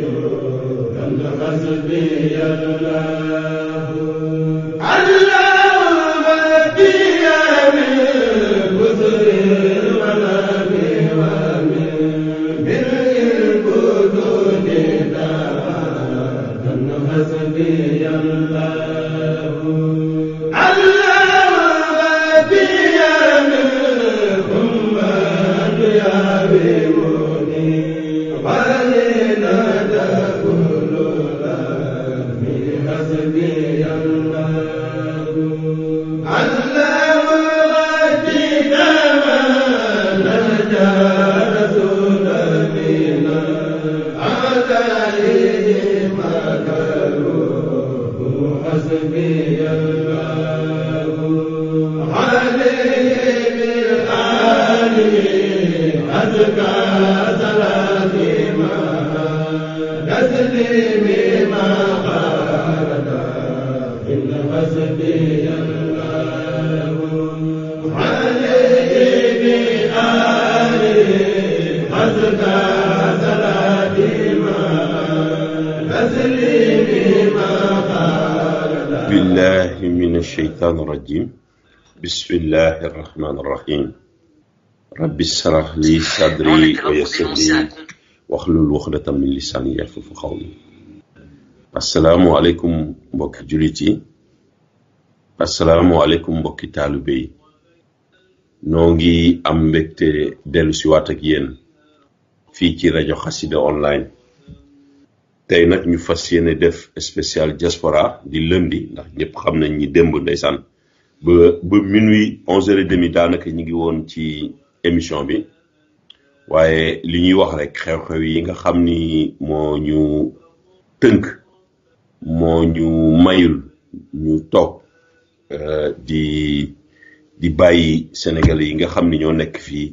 جودا فخذ بي يا الله rabbi shrah li sadri wa yassir li waxlul waxdatan min lisaani yafqahu qawli asalaamualeykum mbokki jullit yi asalaamualeykum mbokki taalibe yi noo ngi am mbégte dellu si waat ak yéen fii ci rajo xasida online tey nag ñu fas yéene def spécial diaspora di lëndi ndax ñëpp xam nañ ñi démb ndeysaan ba ba minuit onze heures et daanaka ñu ngi woon ci émission bi waaye li ñuy wax rek xew-xew yi nga xam ni moo ñu tënk moo ñu mayul ñu toog euh, di di bàyyi Sénégalais yi nga xam ni ñoo nekk fii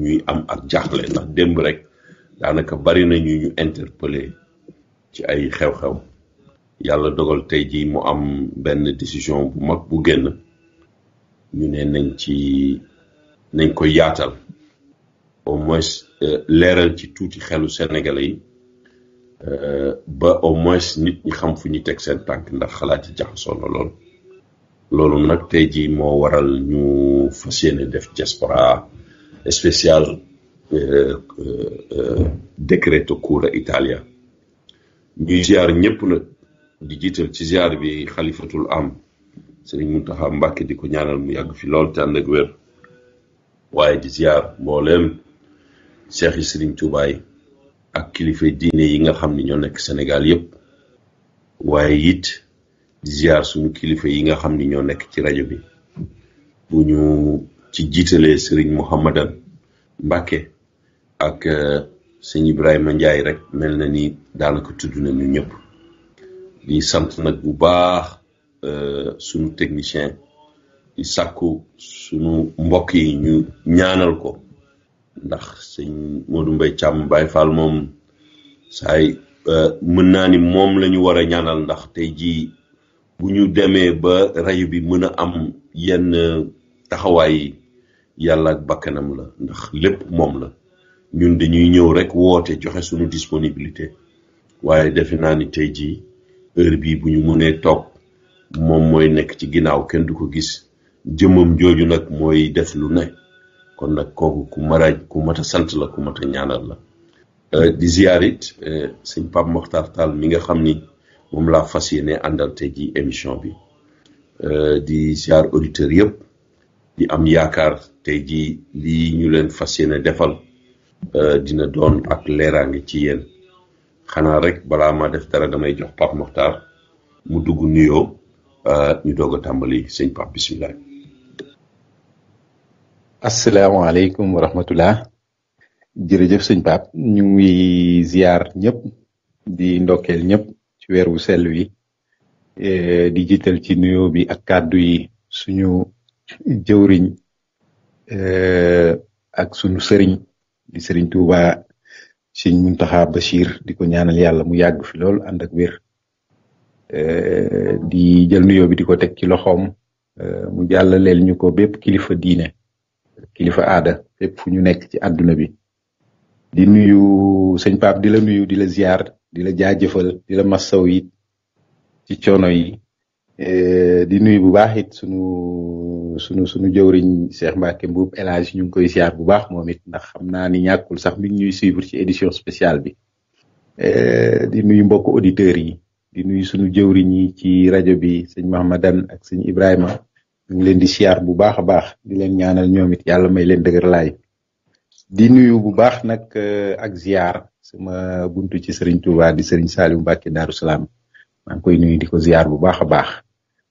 ñuy am ak jaaxle ndax démb rek daanaka bari na ñu ñu interpellé ci ay xew-xew yàlla dogal tey jii mu am benn décision bu mag bu génn ñu ne nañ ci. nañ koy yaatal au moins euh, leeral ci tuuti xelu senegale yi euh, ba au moins nit ñi xam fu ñuy teg seen tànk ndax xalaat yi jaxasoo na lool loolu nag tey jii moo waral ñu fas yéene def diaspora spécial euh, Decreto Cura Italia ñuy ziar ñëpp nag di jiital ci ziar bi xalifatul am Sëriñ Muntaxa Mbàkke di ko ñaanal mu yàgg fi lool te ànd ak wér waaye di ziar mbooleem seex yi sëriñ ak kilifa diine yi nga xam ni ñoo nekk Sénégal yëpp waaye it di ziar suñu kilifa yi nga xam ni ñoo nekk ci rajo bi bu ñu ci jiitalee sëriñ Mouhamadan Mbacke ak euh, sëñ Ibrahima njaay rek mel na ni daanaka tudd nañu ñëpp di sant nag bu baax euh, suñu technicien. sàkku sunu mbokk yi ñu ñaanal ko ndax sëñ Modou mbay Thiam Baye Fall moom saay euh, mën naa ni moom la ñu war a ñaanal ndax tey jii bu ñu demee ba rajo bi mën a am yenn taxawaay yi yàlla ak bakkanam la ndax lépp moom la ñun dañuy ñëw rek woote joxe sunu disponibilité waaye defe naa ni tey ji heure bii bu ñu munee toog moom mooy nekk ci ginnaaw kenn du ko gis jëmmam jooju nag mooy def lu ne kon nag kooku ku maraaj ku mat sant la ku mat a ñaanal la euh, di ziar it euh, sëñ Pape Mokhtar Tall mi nga xam ni moom laa fas yéene àndal tey ji émission bi euh, di ziar auditeurs yëpp di am yaakaar tey ji lii ñu leen fas yéene defal dina doon ak leeraange ci yéen xanaa rek balaa ma def dara damay jox Pape Mokhtar mu dugg nuyoo ñu doog a tàmbali sëñ Pape bisimilah. asalaamaaleykum wa rahmatullah jërëjëf sëñ Pape ñu ngi ziar ñëpp di ndokkeel ñëpp ci weer wu sell wi eh, di jiital ci nuyoo bi ak kàddu yi suñu jëwriñ eh, ak suñu sëriñ di sëriñ Touba sëñ Muntaxa Bachir di ko ñaanal yàlla mu yàgg fi lool ànd ak wér eh, di jël nuyoo bi di ko teg ci loxoom mu jàllaleel ñu ko bépp kilifa diine. kilifa aada fépp fu ñu nekk ci àdduna bi di nuyu sëñ Pape di la nuyu di la ziar di la jaajëfal di la massaw yi ci coono yi e, di nuyu bu baax it sunu sunu sunu jëwriñ Cheikh Mbacke Mbuub El Hadj ñu ngi koy ziar bu baax moom it ndax xam naa ni ñàkkul sax mi ngi ñuy suivre ci édition spéciale bi e, di nuyu mbokk auditeurs yi di nuyu sunu jëwriñ yi ci rajo bi sëñ Mahamadan ak sëñ Ibrahima ñu ngi leen di siyaar bu baax a baax di leen ñaanal ñoom it yàlla may leen dëgër laay di nuyu bu baax nag euh, ak ziar sama buntu ci Serigne Touba di Serigne Saliou Mbacke Darou Salaam maa ngi koy nuyu di ko ziar bu baax a baax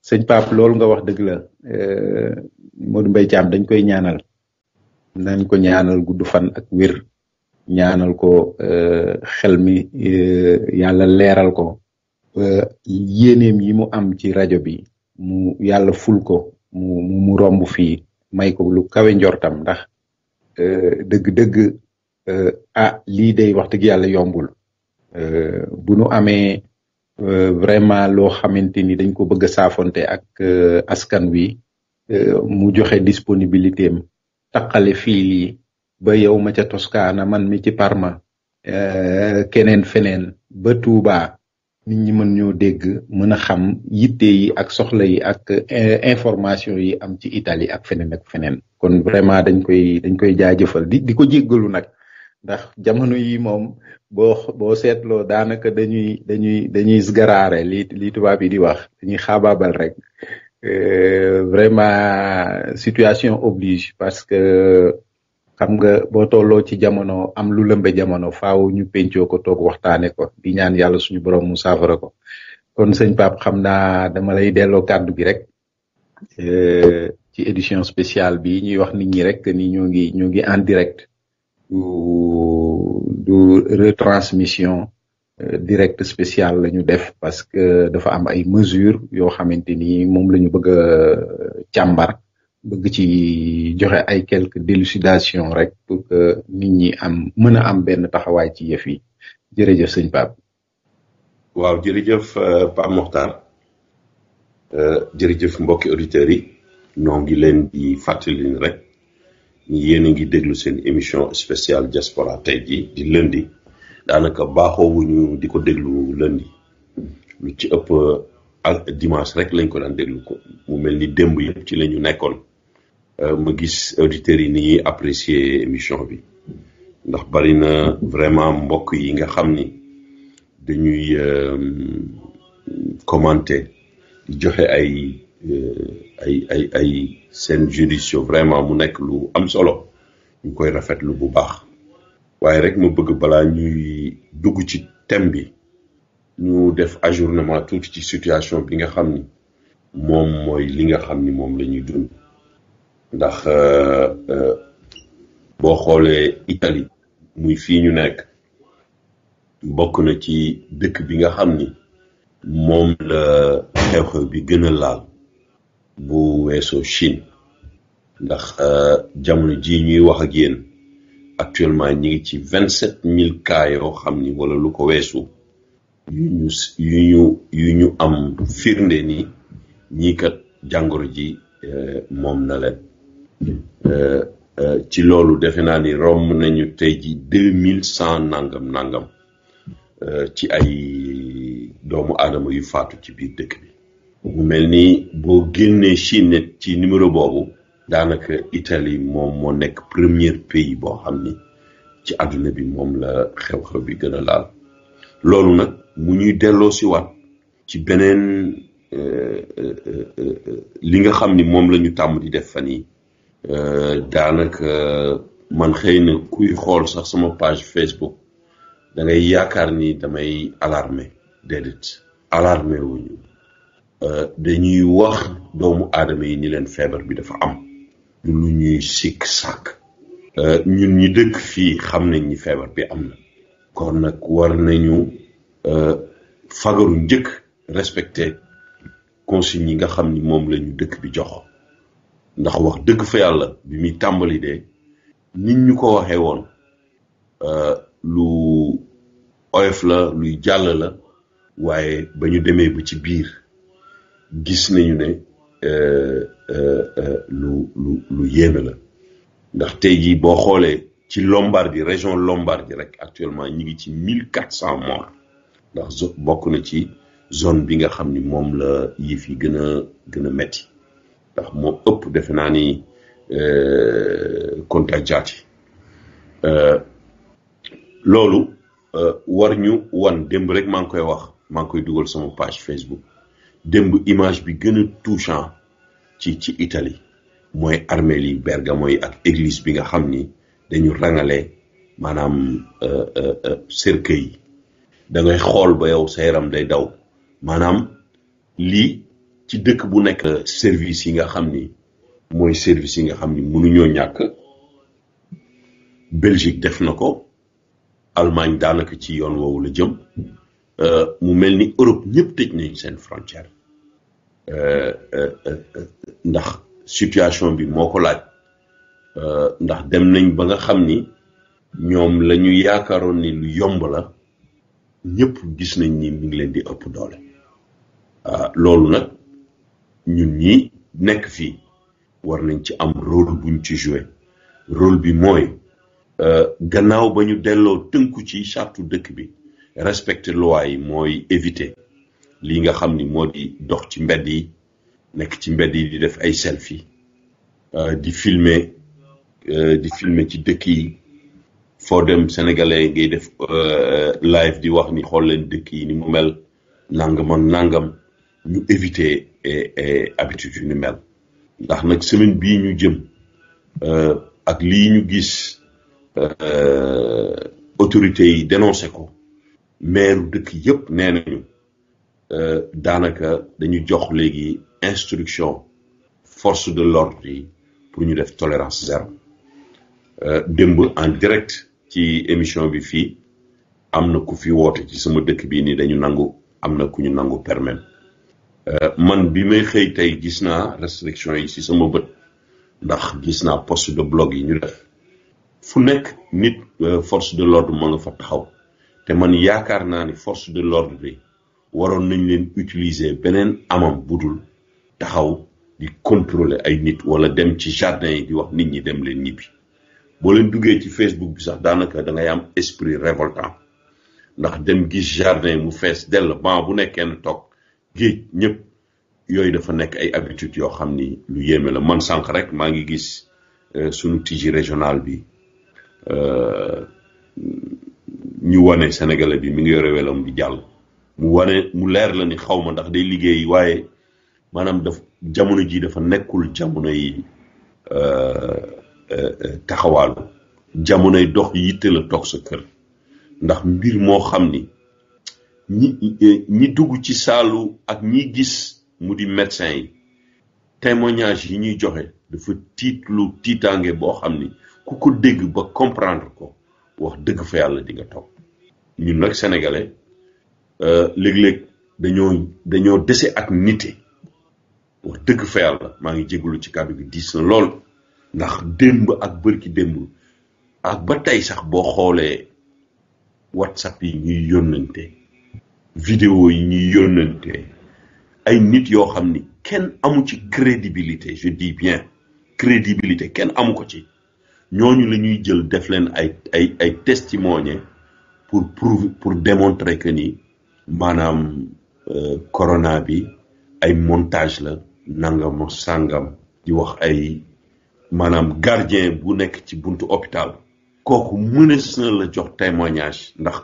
sëñ Pape loolu nga wax dëgg la euh, Modou Mbaye dañ koy ñaanal nañ ko ñaanal gudd fan ak wér ñaanal ko euh, xel mi yàlla leeral ko yéeneem yimu am ci rajo bi mu yàlla ful ko mu mu romb fii may ko lu kawe njortam ndax dëgg-dëgg euh, euh, ah lii day wax dëgg yàlla yombul euh, bu nu amee vraiment loo xamante ni dañ ko bëgg a saafonte ak askan wi mu joxe disponibilité am taqale fii lii ba yow ma ca Toscana man mi ci Parma keneen feneen ba Touba nit ñi mën ñoo dégg mën a xam yitte yi ak soxla yi ak eh, information yi am ci Italie ak feneen ak feneen kon vraiment dañ koy dañ koy jaajëfal di di ko jéggalu nag ndax jamono yi moom boo boo seetloo daanaka dañuy dañuy dañuy sgaraare li li tubaab yi di wax dañuy xaabaabal rek euh, vraiment situation oblige parce que xam nga cijamono, tolo ci jamono am lu lembe jamono faaw ñu pencoo ko tok waxtane ko di ñaan yalla suñu borom mu safara ko kon señ pap xam naa dama lay delo kàddu bi rek euh, ci édition spéciale bi ñuy wax nit ñi rek ni ñoo ngi ñoo ngi en direct du du retransmission euh, direct spécial lañu def parce que dafa am ay mesures yo xamanteni mom lañu bëgg euh bëgg ci joxe ay quelques délucidations rek pour que nit ñi am mën a am benn taxawaay ci yëf yi jërëjëf sëñ Pape. waaw jërëjëf euh, Pape Mokhtar euh, jërëjëf mbokki auditeurs yi ñoo ngi leen di fàttali ni rek ñi yéen ngi déglu seen émission spéciale diaspora te ji di lundi daanaka baaxoo wu ñu di ko déglu lundi lu ci ëpp dimanche rek lañ ko daan déglu ko mu mel ni démb yëpp ci la ñu nekkoon. Euh, ma gis auditeurs yi ni ñuy apprécier émission bi ndax bari na vraiment mbokk yi nga xam ni dañuy euh, commenter di joxe ay euh, ay ay ay seen juridiction vraiment mu nekk lu am solo ñu koy rafetlu bu baax waaye rek ma bëgg balaa ñuy dugg ci thème bi ñu def ajournement tuuti ci situation bi nga xam ni moom mooy li nga xam ni moom la ñuy dund ndax euh, euh, boo xoolee Italie muy fii ñu nekk bokk na ci dëkk bi nga xam ni moom la xew-xew bi gën a laal bu weesoo Chine ndax euh, jamono ji ñuy wax a yéen actuellement ñi ngi ci vingt sept mille cas yoo xam ni wala lu ko weesu yu ñu yu ñu am firnde ni ñii kat jàngoro ji moom na leen Euh, euh, ci loolu defe naa ni romb nañu tey ji deux mille cent nangam nangam euh, ci ay doomu aadama yu faatu ci biir dëkk bi mu mel ni boo génnee Chine ci numéro boobu daanaka Italie moom moo nekk premier pays boo xam ni ci àdduna bi moom la xew-xew bi gën a laal loolu nag mu ñuy delloo si waat ci beneen li nga xam ni moom lañu tàmm di def fan yi daanaka man xëy na kuy xool sax sama page Facebook da ngay yaakaar ni damay alarmé déedéet alarmé wuñu euh, dañuy wax doomu aadama yi ni leen feebar bi dafa am lu ñuy sikk sàkk euh, ñun ñi dëkk fii xam nañ ni feebar bi am na kon nag war nañu euh, fagaru njëkk respecté consignes yi nga xam ni moom la dëkk bi joxo ndax wax dëgg fa yàlla bi muy tàmbali de nit ñu ko waxee woon euh, lu oyof la luy jàll la waaye ba ñu demee ba ci biir gis nañu ne euh, euh, lu lu lu yéeme la ndax tey jii boo xoolee ci Lombardie région Lombardie rek actuellement ñi ngi ci mille quatre cent morts ndax bokk na ci zone bi nga xam ni moom la yëf yi gën a gën a metti ndax moo ëpp defe naa ni euh, contagiat yi euh, loolu euh, war ñu wan démb rek maa ngi koy wax maa ngi koy dugal sama page Facebook démb image bi gën a touchant ci ci Italie mooy armeel yi Bergamo yi ak église bi nga xam ni dañu rangale maanaam cercueil yi da ngay xool ba yow sa yaram day daw maanaam lii. ci dëkk bu nekk euh, service yi nga xam ni mooy service yi nga xam ni mënuñoo ñàkk Belgique def na ko Allemagne daanaka ci yoon woowu la jëm euh, mu mel ni Europe ñëpp tëj nañ seen frontière euh, ndax situation bi moo ko laaj ndax dem nañ ba nga xam ni ñoom la ñu yaakaaroon ni lu yomb la ñëpp gis nañ ni mi ngi leen di ëpp doole loolu nag ñun ñi nekk fii war nañ ci am rôle buñ ci joué rôle bi mooy euh, gannaaw ba ñu delloo tënku ci sartu dëkk bi respecter loi yi mooy éviter lii nga xam ni moo di dox ci mbedd yi nekk ci mbedd yi di def ay selfie euh, di filmer euh, di filmer ci dëkk yi foo dem sénégalais ngay def live di wax ni xool leen dëkk yi ni mu mel nangam ak nangam ñu éviter habitude yu ni mel ndax nag semaine bii ñu jëm euh, ak lii ñu gis euh, autorités yi dénoncé ko maire dëkk yëpp nee nañu euh, daanaka dañu jox léegi instruction force de l'ordre yi pour ñu def tolérance zéro démb en direct ci émission bi fii am na ku fi woote ci sama dëkk bii nii dañu nangu am na ku ñu nangu permis Euh, man bi may xëy tey gis naa restriction yi ci sama bët ndax gis naa poste de blog yi ñu def fu nekk nit euh, force de l'ordre ma nga fa taxaw te man yaakaar naa ni force de l'ordre bi waroon nañ leen utiliser beneen amam dul taxaw di contrôler ay nit wala dem ci jardin yi di wax nit ñi dem leen ñibbi boo leen duggee ci Facebook bi sax daanaka da ngay am esprit révoltant ndax dem gis jardin mu fees dell ban bu nekkee kenn toog. geej ñëpp yooyu dafa nekk ay habitude yoo xam ni lu yéeme la man sànq rek maa ngi gis euh, sunu tiji régional bi euh, ñu wone sénégalais bi mi ngi yore welam di jàll mu wone mu leer la ni xaw ma ndax day liggéey waaye maanaam daf jamono ji dafa nekkul jamono yi euh, taxawaalu yi dox yitte la toog sa kër ndax mbir moo xam ñi ñi dugg ci saalu ak ñi gis mu di médecin yi témoignage yi ñuy joxe dafa tiitlu tiitaange boo xam ni ku ko dégg ba comprendre ko wax dëgg fa yàlla di nga toog ñun nag sénégalais euh, léeg-léeg dañoo dañoo dese ak nité wax dëgg fa yàlla maa ngi jégalu ci kàddu gi diis na lool ndax démb ak bërki démb ak ba tey sax boo xoolee whatsapp yi ñuy yónnante vidéo yi ay nit crédibilité je dis bien crédibilité kenn amu ko ci ñoñu la ñuy jël def pour prouver pour démontrer que ni Madame euh, corona bi ay montage la nangam sangam di wax ay gardien bu hôpital la témoignage ndax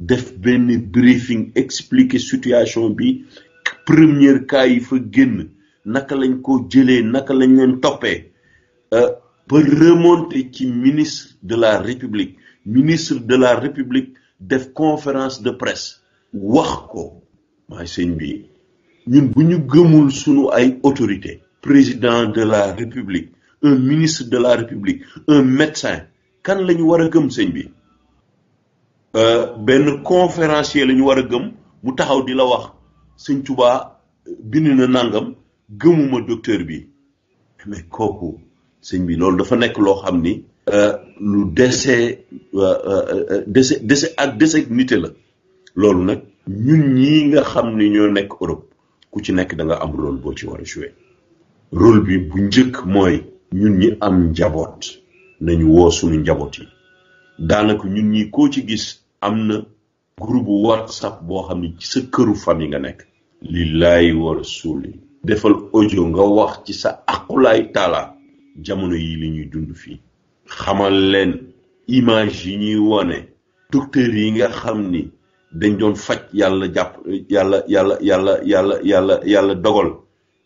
def ben briefing expliquer situation bi premier cas yi fa génn naka lañ ko jëlee naka lañ leen euh, remonter ci ministre de la république ministre de la république def conférence de presse wax ko maay sëñ bi ñun bu gëmul ay autorité président de la république un ministre de la république un médecin kan ce ñu war a gëm sëñ bi Euh, benn conférencier la ñu war a gëm mu taxaw di la wax sëñ Tuubaa bind na nangam gëmuma docteur bi mais kooku sëñ bi loolu dafa nekk loo xam ni euh, lu desee euh, dese dese ak dese nite la loolu nag ñun ñi nga xam ni ñoo nekk Europe ku ci nekk da nga am rôle boo ci war a joué rôle bi bu njëkk mooy ñun ñi am njaboot nañu woo sunu njaboot yi danaka ñun ñi ko ci gis amna groupe whatsapp bo xamni ci sa keuru fami nga nek lillahi wa rasuli defal audio nga wax ci sa akulay tala jamono yi li ñuy dund fi xamal len image ñi woné docteur yi nga xamni dañ doon fajj yalla japp yalla yalla yalla yalla yalla yalla dogal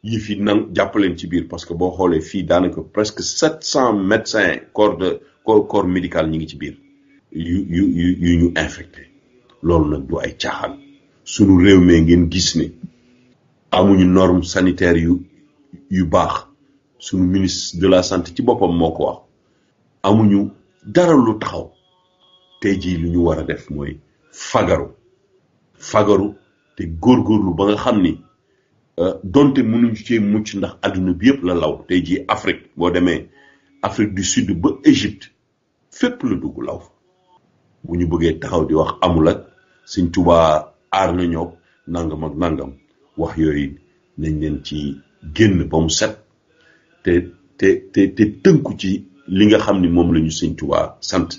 yi fi nang japp len ci bir parce que bo xolé fi danaka presque 700 médecins corps de corps, médical ñi ngi ci bir yu yu yu yu ñu infecté loolu nag du ay caaxaan sunu réew mee ngeen gis ni amuñu norme sanitaire yu yu baax sunu ministre de la santé ci boppam moo ko wax amuñu dara lu taxaw tey jii lu ñu war a def mooy fagaru fagaru te góor góorgóorlu ba nga xam ni euh, donte mënuñu cee mucc ndax àdduna bi yëpp la law tey jii Afrique boo demee Afrique du Sud ba Égypte fépp la dugg law bu ñu bëggee taxaw di wax amul ak suñ tubaa aar na ñoo nangam ak nangam wax yooyu nañ leen ci génn ba mu set te te te te tënku ci li nga xam ni moom la ñu suñ tubaa sant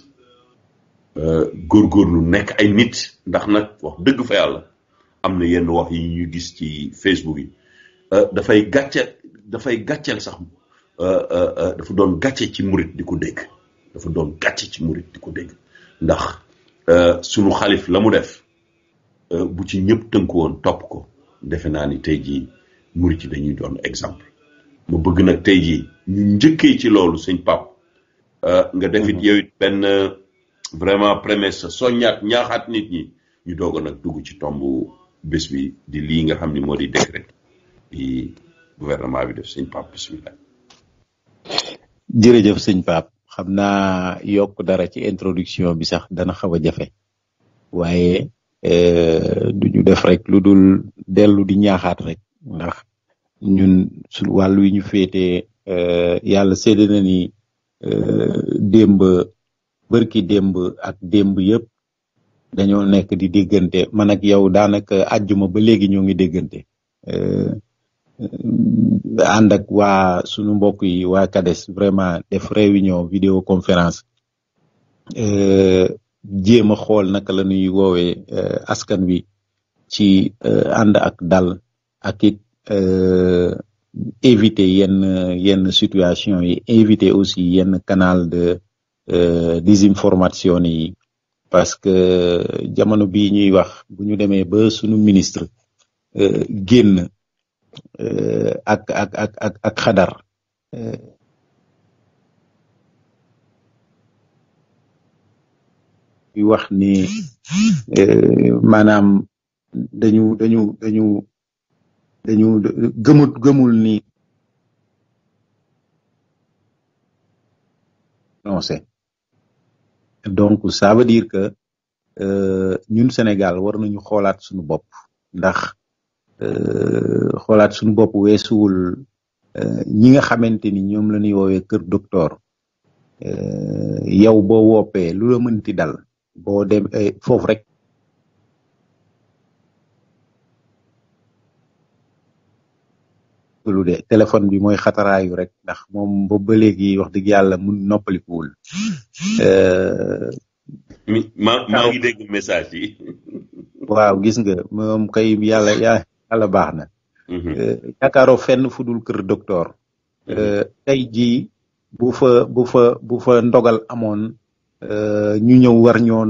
euh, lu nekk ay nit ndax nag wax dëgg fa yàlla am na yenn wax yi ñu gis ci Facebook yi euh, dafay gàcce dafay gàcceel sax euh, dafa doon gàcce ci murit di ko dégg dafa doon gàcce ci murit di ko dégg ndax euh, sunu xalif la mu def euh, bu ci ñëpp tënku woon topp ko defe naa ni tey jii murit ci dañuy doon exemple ma bëgg nag tey jii ñu njëkkee ci loolu sëñ Pape euh, nga defit mhm. yow it benn vraiment promesse soññaat ñaaxaat nit ñi ñu doog ak dugg ci tomb bés bi di lii nga xam ni moo di décret di gouvernement bi def sëñ Pape bisimilah. jërëjëf sëñ Pape xam naa yokk dara ci introduction bi sax dana xaw a jafe waaye euh, duñu def rek lu dul dellu di ñaaxaat rek ndax ñun su wàll wi ñu féete euh, yàlla séddee na ni euh, démb bërki démb ak démb yëpp dañoo nekk di déggante man ak yow daanaka àjjuma ba léegi ñoo ngi déggante and euh, ak waa sunu mbokk yi waa kades vraiment def réunion vidéoconférence euh, jéem a xool naka la nuy woowee euh, askan wi ci ànd ak dal ak it éviter yenn yenn situation yi éviter aussi yenn canal de désinformation yi parce que jamono bii ñuy wax bu ñu demee ba sunu ministre génn Euh, ak ak ak ak ak xadar yu euh, wax ni euh, maanaam dañu dañu dañu dañu gëmut gëmul ni non donc ça dir que que ñun Sénégal war nañu xoolaat suñu bopp ndax Euh, xolaat suñu bopp weesuwul euh, ñi nga xamanteni ñom la ñuy wowe keur docteur euh, yow bo wopé lu la ti dal bo dem fofu rek lu de téléphone bi xatara yu rek ndax mom bo ba légui wax dëgg yàlla euh ma ma ngi dégg message yi waaw gis nga mom kay yalla yaa ala baxna mhm. euh yakaro fenn fudul keur docteur mhm. euh tay ji bu fa bu fa bu fa ndogal euh ñu ñew war ñoo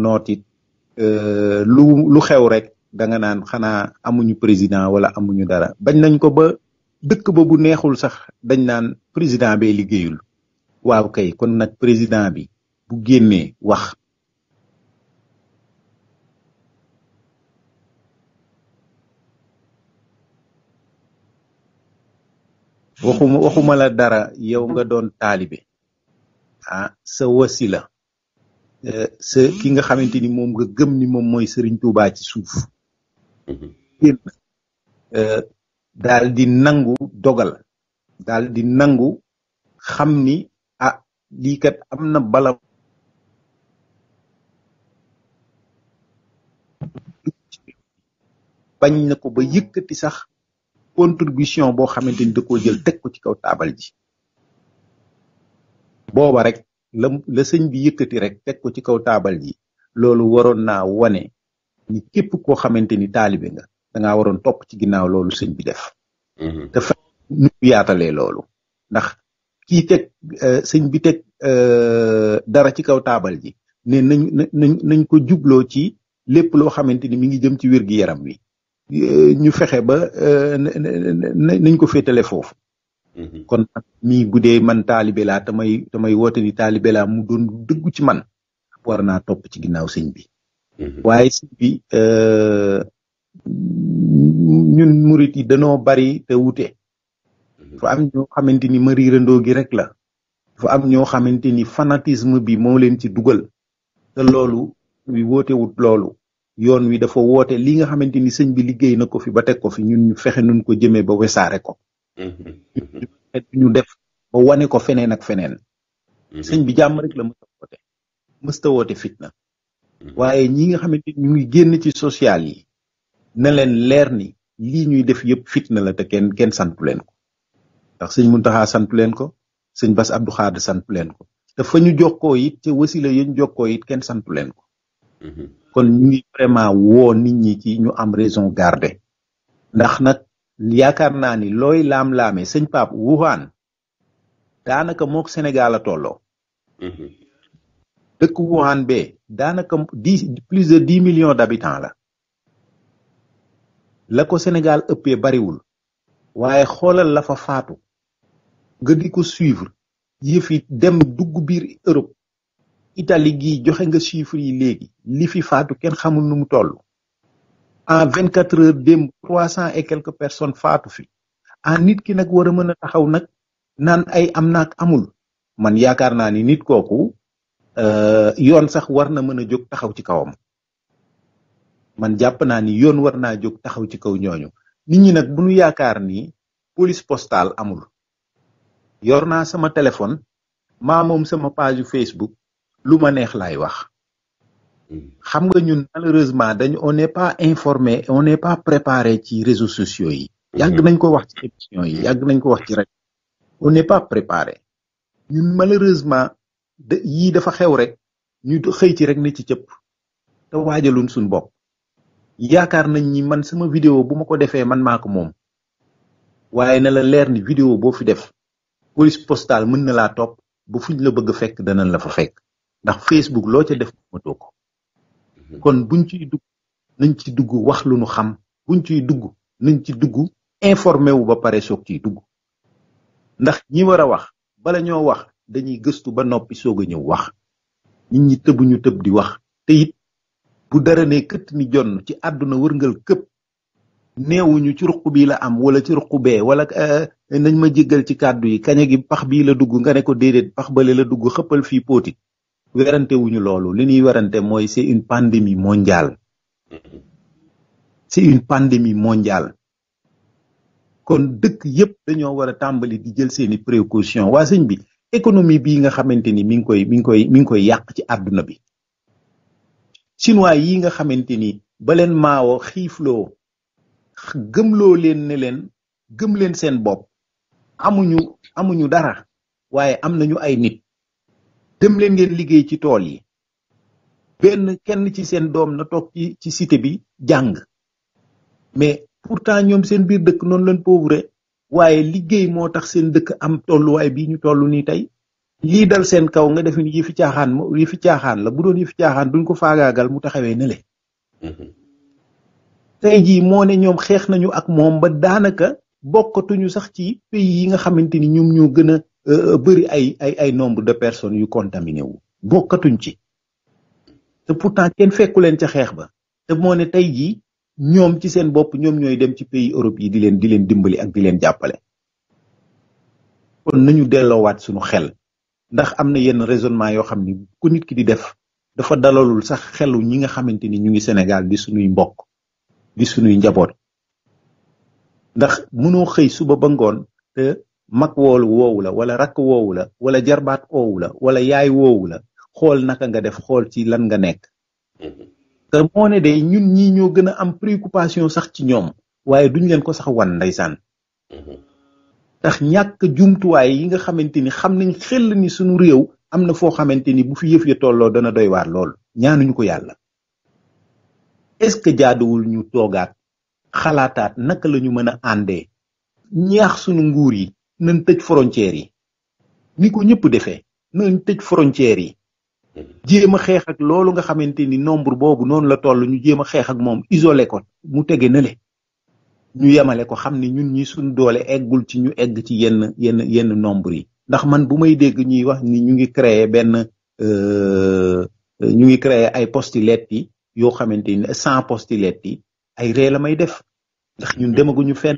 euh lu lu xew rek da nga naan xana amuñu président wala amuñu dara bañ nañ ko ba dëkk ba bu neexul sax dañ naan président bee liggéeyul waaw kay kon nak président bi bu génné wax waxuma waxuma la dara yow nga doon taalibe ah sa wasila eh, sa ki nga xamante ni moom nga gëm ni moom mooy Serigne Touba ci suuf mm-hmm. génn eh, daal di nangu dogal daal di nangu xam ni a ah, lii am na bala bañ na ko ba yëkkati sax contribution boo xamante ni da koo jël teg ko ci kaw taabal ji booba rek la la bi yëkkati rek teg ko ci kaw taabal ji loolu waroon naa wane ni képp koo xamante ni taalibe nga dangaa waroon topp ci ginnaaw loolu sëñ bi def mm-hmm. te fa nu yaatalee loolu ndax kii teg euh, sëñ bi teg euh, dara ci kaw taabal ji ne nañ nañ ko jubloo ci lépp loo xamante ni mi ngi jëm ci wér-gi-yaram wi Euh, ñu fexe ba euh, nañ ko féetale foofu. Mm-hmm. kon mii bu dee man taalibe laa tamay tamay woote ni taalibe laa mu doon dëggu ci man war naa topp ci ginnaaw sëñ bi. Mm-hmm. waaye sëñ bi euh, ñun murit yi danoo bari te wute. Mm-hmm. dafa am ñoo xamante ni mariirandoo gi rek la. fo am ñoo xamante ni fanatisme bi moo leen ci dugal. te loolu bi wootewut loolu. yoon wi dafa woote li nga xamante ni sëñ bi liggéey na ko fi ba teg ko fi ñun ñu fexe nun ko jëmee ba wesaare ko mm-hmm. ñu def ba wane ko feneen ak feneen mm-hmm. sëñ bi jàmm rek la mësta woote mësta woote fitna mm-hmm. waaye ñi nga xamante ni ñu ngi génn ci sociale yi na leen leer ni lii ñuy def yëpp fitna la te kenn kenn santu leen ko ndax sëñ Muntaxa santu leen ko sëñ Bass Abdou Khadre santu leen ko te fa ñu jokkoo it te wasila yañ jokkoo it kenn santu leen ko kon ñu ngi vraiment woo nit ñi ci ñu am raison garder ndax nag yaakaar naa ni looy laam-laamee sëñ Pape Wuhan daanaka mook Sénégal a tolloo. Mhm. dëkk Wuhan bee daanaka dix plus de dix millions d'habitants la. la ko Sénégal ëppee bariwul. waaye xoolal la fa faatu. nga di ko suivre yëf dem dugg biir Europe Italie gii joxe nga chiffre yi léegi li fi faatu kenn xamul nu mu toll en vingt quatre heures démb trois cent et quelques personnes faatu fi en nit ki nag war a mën a taxaw nag nan ay am naak amul man yaakaar naa ni nit kooku euh, yoon sax war na mën a jóg taxaw ci kawam man jàpp naa ni yoon war naa jóg taxaw ci kaw ñooñu nit ñi nag bu ñu yaakaar ni police postale amul yor naa sama téléphone maa moom sama page Facebook lu ma neex lay wax hmm. xam nga ñun malheureusement dañ on n'est pas informé on n'est pas préparé ci réseaux sociaux yi hmm. yag nañ ko wax ci émission yi yag nañ ko wax ci rajo on n'est pas préparé ñun malheureusement da yii dafa xew rek ñu xëy ci rek ne ci cëpp te waajaluñ suñ bopp yaakaar nañ ni man sama vidéo bu ma ko defee man maa ko moom waaye na la leer ni vidéo boo fi def police postale mën na laa topp ba fuñ la bëgg fekk danañ la fa fekk ndax Facebook loo ca def matoo ko mhm. kon buñ ciy dugg nañ ci dugg wax lu nu xam buñ ciy dugg nañ ci dugg informé wu ba pare soog ciy dugg ndax ñi war a wax bala ñoo wax dañuy gëstu ba noppi soog a ñëw wax nit ñi tëbuñu tëb di wax te it bu dara ne këtt ni jonn ci àdduna wërngal këpp neewuñu ci ruq bii la am wala ci ruq bee wala eh, nañ ma jéggal ci kàddu yi kaña gi pax bii la dugg nga ne ko déedéet pax bale la dugg xëppal fii póotit werante wuñu loolu li ñuy werante mooy c'est une pandémie mondiale c'est une pandémie mondiale kon dëkk yépp dañoo war a tàmbali di jël seeni précaution waa sëñ bi économie bii nga xamante ni mi ngi koy mi ngi koy mi ngi koy yàq ci àdduna bi chinois yi nga xamante ni ba leen maawo xiifloo gëmloo leen ne leen gëm leen seen bopp amuñu amuñu dara waaye am nañu ay nit dem leen ngeen liggéey ci tool yi benn kenn ci seen doom na toog ci ci cité bi jàng mais pourtant ñoom seen biir dëkk noonu lañ pauvre waaye liggéey moo tax seen dëkk am tolluwaay bii ñu toll nii tey lii dal seen kaw nga def yi fi caaxaan yi fi caaxaan la bu doon yi fi caaxaan duñ ko faagaagal mu taxawee ne mm-hmm. tey jii moo ne ñoom xeex nañu ak moom ba daanaka bokkatuñu sax ci pays yi nga xamante ni ñoom ñoo gën a Euh, bëri ay ay ay nombre de personnes yu contaminé wu bokkatuñ ci te pourtant kenn fekku leen ca xeex ba te moo ne tey jii ñoom ci seen bopp ñoom ñooy dem ci pays Europe yi di leen di leen dimbali ak di leen jàppale kon nañu delloowaat suñu xel ndax am na yenn raisonnement yoo xam ni ku nit ki di def dafa dalalul sax xelu ñi nga xamante ni ñu ngi senegal di suñuy mbokk di suñuy njaboot ndax mënoo xëy suba ba ngoon te mag woolu woowu la wala rakk woowu la wala jarbaat woowu la wala yaay woowu la xool naka nga def xool ci lan nga nekk mm-hmm. te moo ne day ñun ñii ñoo gën a am préoccupation sax ci ñoom waaye duñ leen ko sax wan ndeysaan tax mm-hmm. ñàkk jumtuwaay yi nga xamante ni xam nañ xel ni suñu réew am na foo xamante ni bu fi yëf ya tolloo dana doy waar lool ñaanuñu ko yàlla est-ce que jaaduwul ñu toogaat xalaataat naka lañu ñu mën a àndee ñaax suñu nguur yi nañ tëj frontières yi ni ko ñëpp defee nañ tëj frontières yi jéem a xeex loolu nga xamante ni nombre boobu noonu la toll ñu jéem a xeex ak moom isolé ko mu tege na le ñu yemale ko xam ne ñun ñi suñ doole eggul ci ñu egg ci yenn yenn yenn nombre yi ndax man bu may dégg ñuy wax ni ñu ngi créer benn euh, ñu ngi créer ay postilettes yi yoo xamante ni sans postilettes yi ay ree la may def ndax ñun demaguñu fenn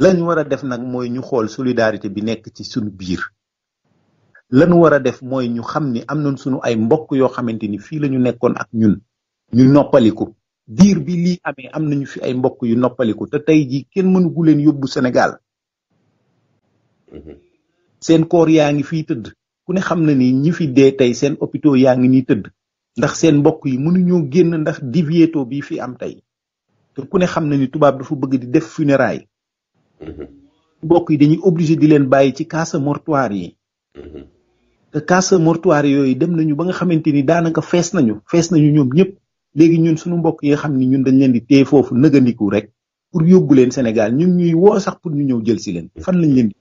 lañ war a def nag mooy ñu xool solidarité bi nekk ci suñu biir lañ war a def mooy ñu xam ni am nañ suñu ay mbokk yoo xamante ni fii la nekkoon ak ñun ñu noppaliku diir bi lii amee am nañu fi ay mbokk yu noppaliku te tey jii kenn mënu leen yóbbu senegal mm-hmm. seen koor yaa ngi fii tëdd ku ne xam na ni ñi fi dee tey seen hôpitaux yaa ngi nii tëdd ndax seen mbokk yi mënu mënuñoo génn ndax divieto bii fi am tey te ku ne xam na ni tubaab dafa bëgg di def funérailles Mm-hmm. mbokk yi dañuy obligé di leen bàyyi ci casa mortuaire yi mm-hmm. te casa mortoire yooyu dem nañu ba nga xamante ni daanaka fees nañu fees nañu ñoom ñëpp léegi ñun suñu mbokk yi nga xam ni ñun dañ leen di téye foofu nëgandiku rek pour yóbbu leen Sénégal ñun ñuy woo sax pour ñu ñëw jël si leen fan lañ leen di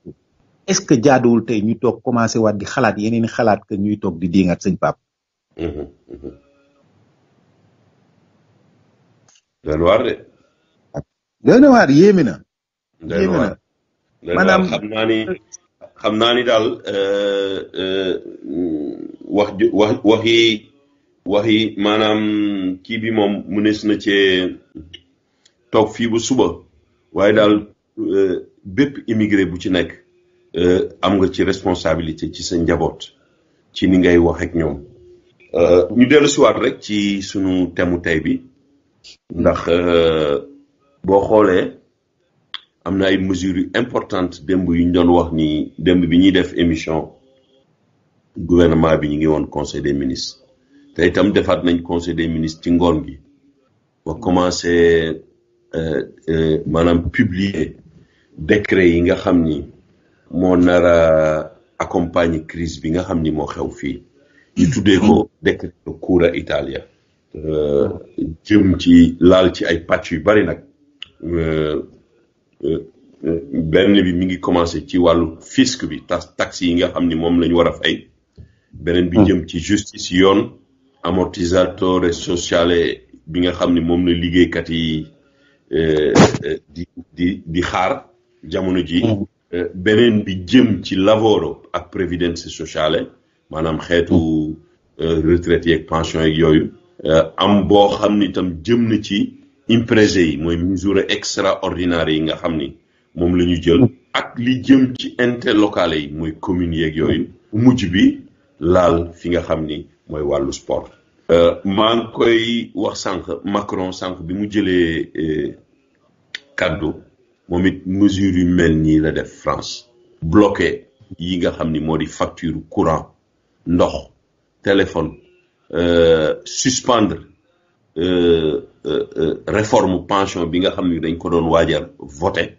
est-ce que jaaduwul tey ñu toog commencé waat di xalaat yeneen xalaat que ñuy toog di diingaat sëñ Pape mm-hmm. doon waar de doon yéeme na déedéet maanaam xam naa ni xam naa ni daal eh, eh, wax ju wax yi wax yi maanaam kii bi moom mu nes na cee toog fii ba suba waaye daal eh, bépp immigré bu ci nekk am nga ci responsabilité ci sa njaboot ci ni ngay wax ak ñoom ñu dellu siwaat rek ci sunu temu tey bi ndax boo xoolee am na ay mesures importantes démb yu ñu doon wax ni démb bi ñi def émission gouvernement bi ñi ngi won conseil des ministres té itam defaat nañ conseil des ministres ci ngor gi wa commencé euh, euh, manam publier décret yi nga xamni mo nara accompagner crise bi nga xamni mo xew fi ñu tuddé ko décret de coura Italia euh, jëm ci lal ci ay patch yu bari euh benn bi mi ngi commencé ci wàllu fisc bi ta taxe yi nga xam ni moom lañu ñu war beneen bi hmm. jëm ci justice yoon amortizzatore sociale bi nga xam ni moom la liggéeykat yi eh, eh, di di di xaar jamono ji hmm. eh, beneen bi jëm ci lavoro ak previdenza sociale maanaam xeetu hmm. retraite yeeg pension yeeg yooyu am boo xam ni itam jëm na ci imprese yi mooy mesure extraordinaire yi nga xam ni moom la ñu jël ak li jëm ci inter locale yi mooy communes yeeg yooyu mujj bi laal fi nga xam ni mooy wàllu sport euh, maa ngi koy wax sànq Macron sànq bi mu jëlee euh, kàddu moom it mesure yu mel nii la def France bloqué yi nga xam ni moo di facture courant ndox téléphone euh, suspendre réforme pension bi nga xam ni dañ ko doon waajal voté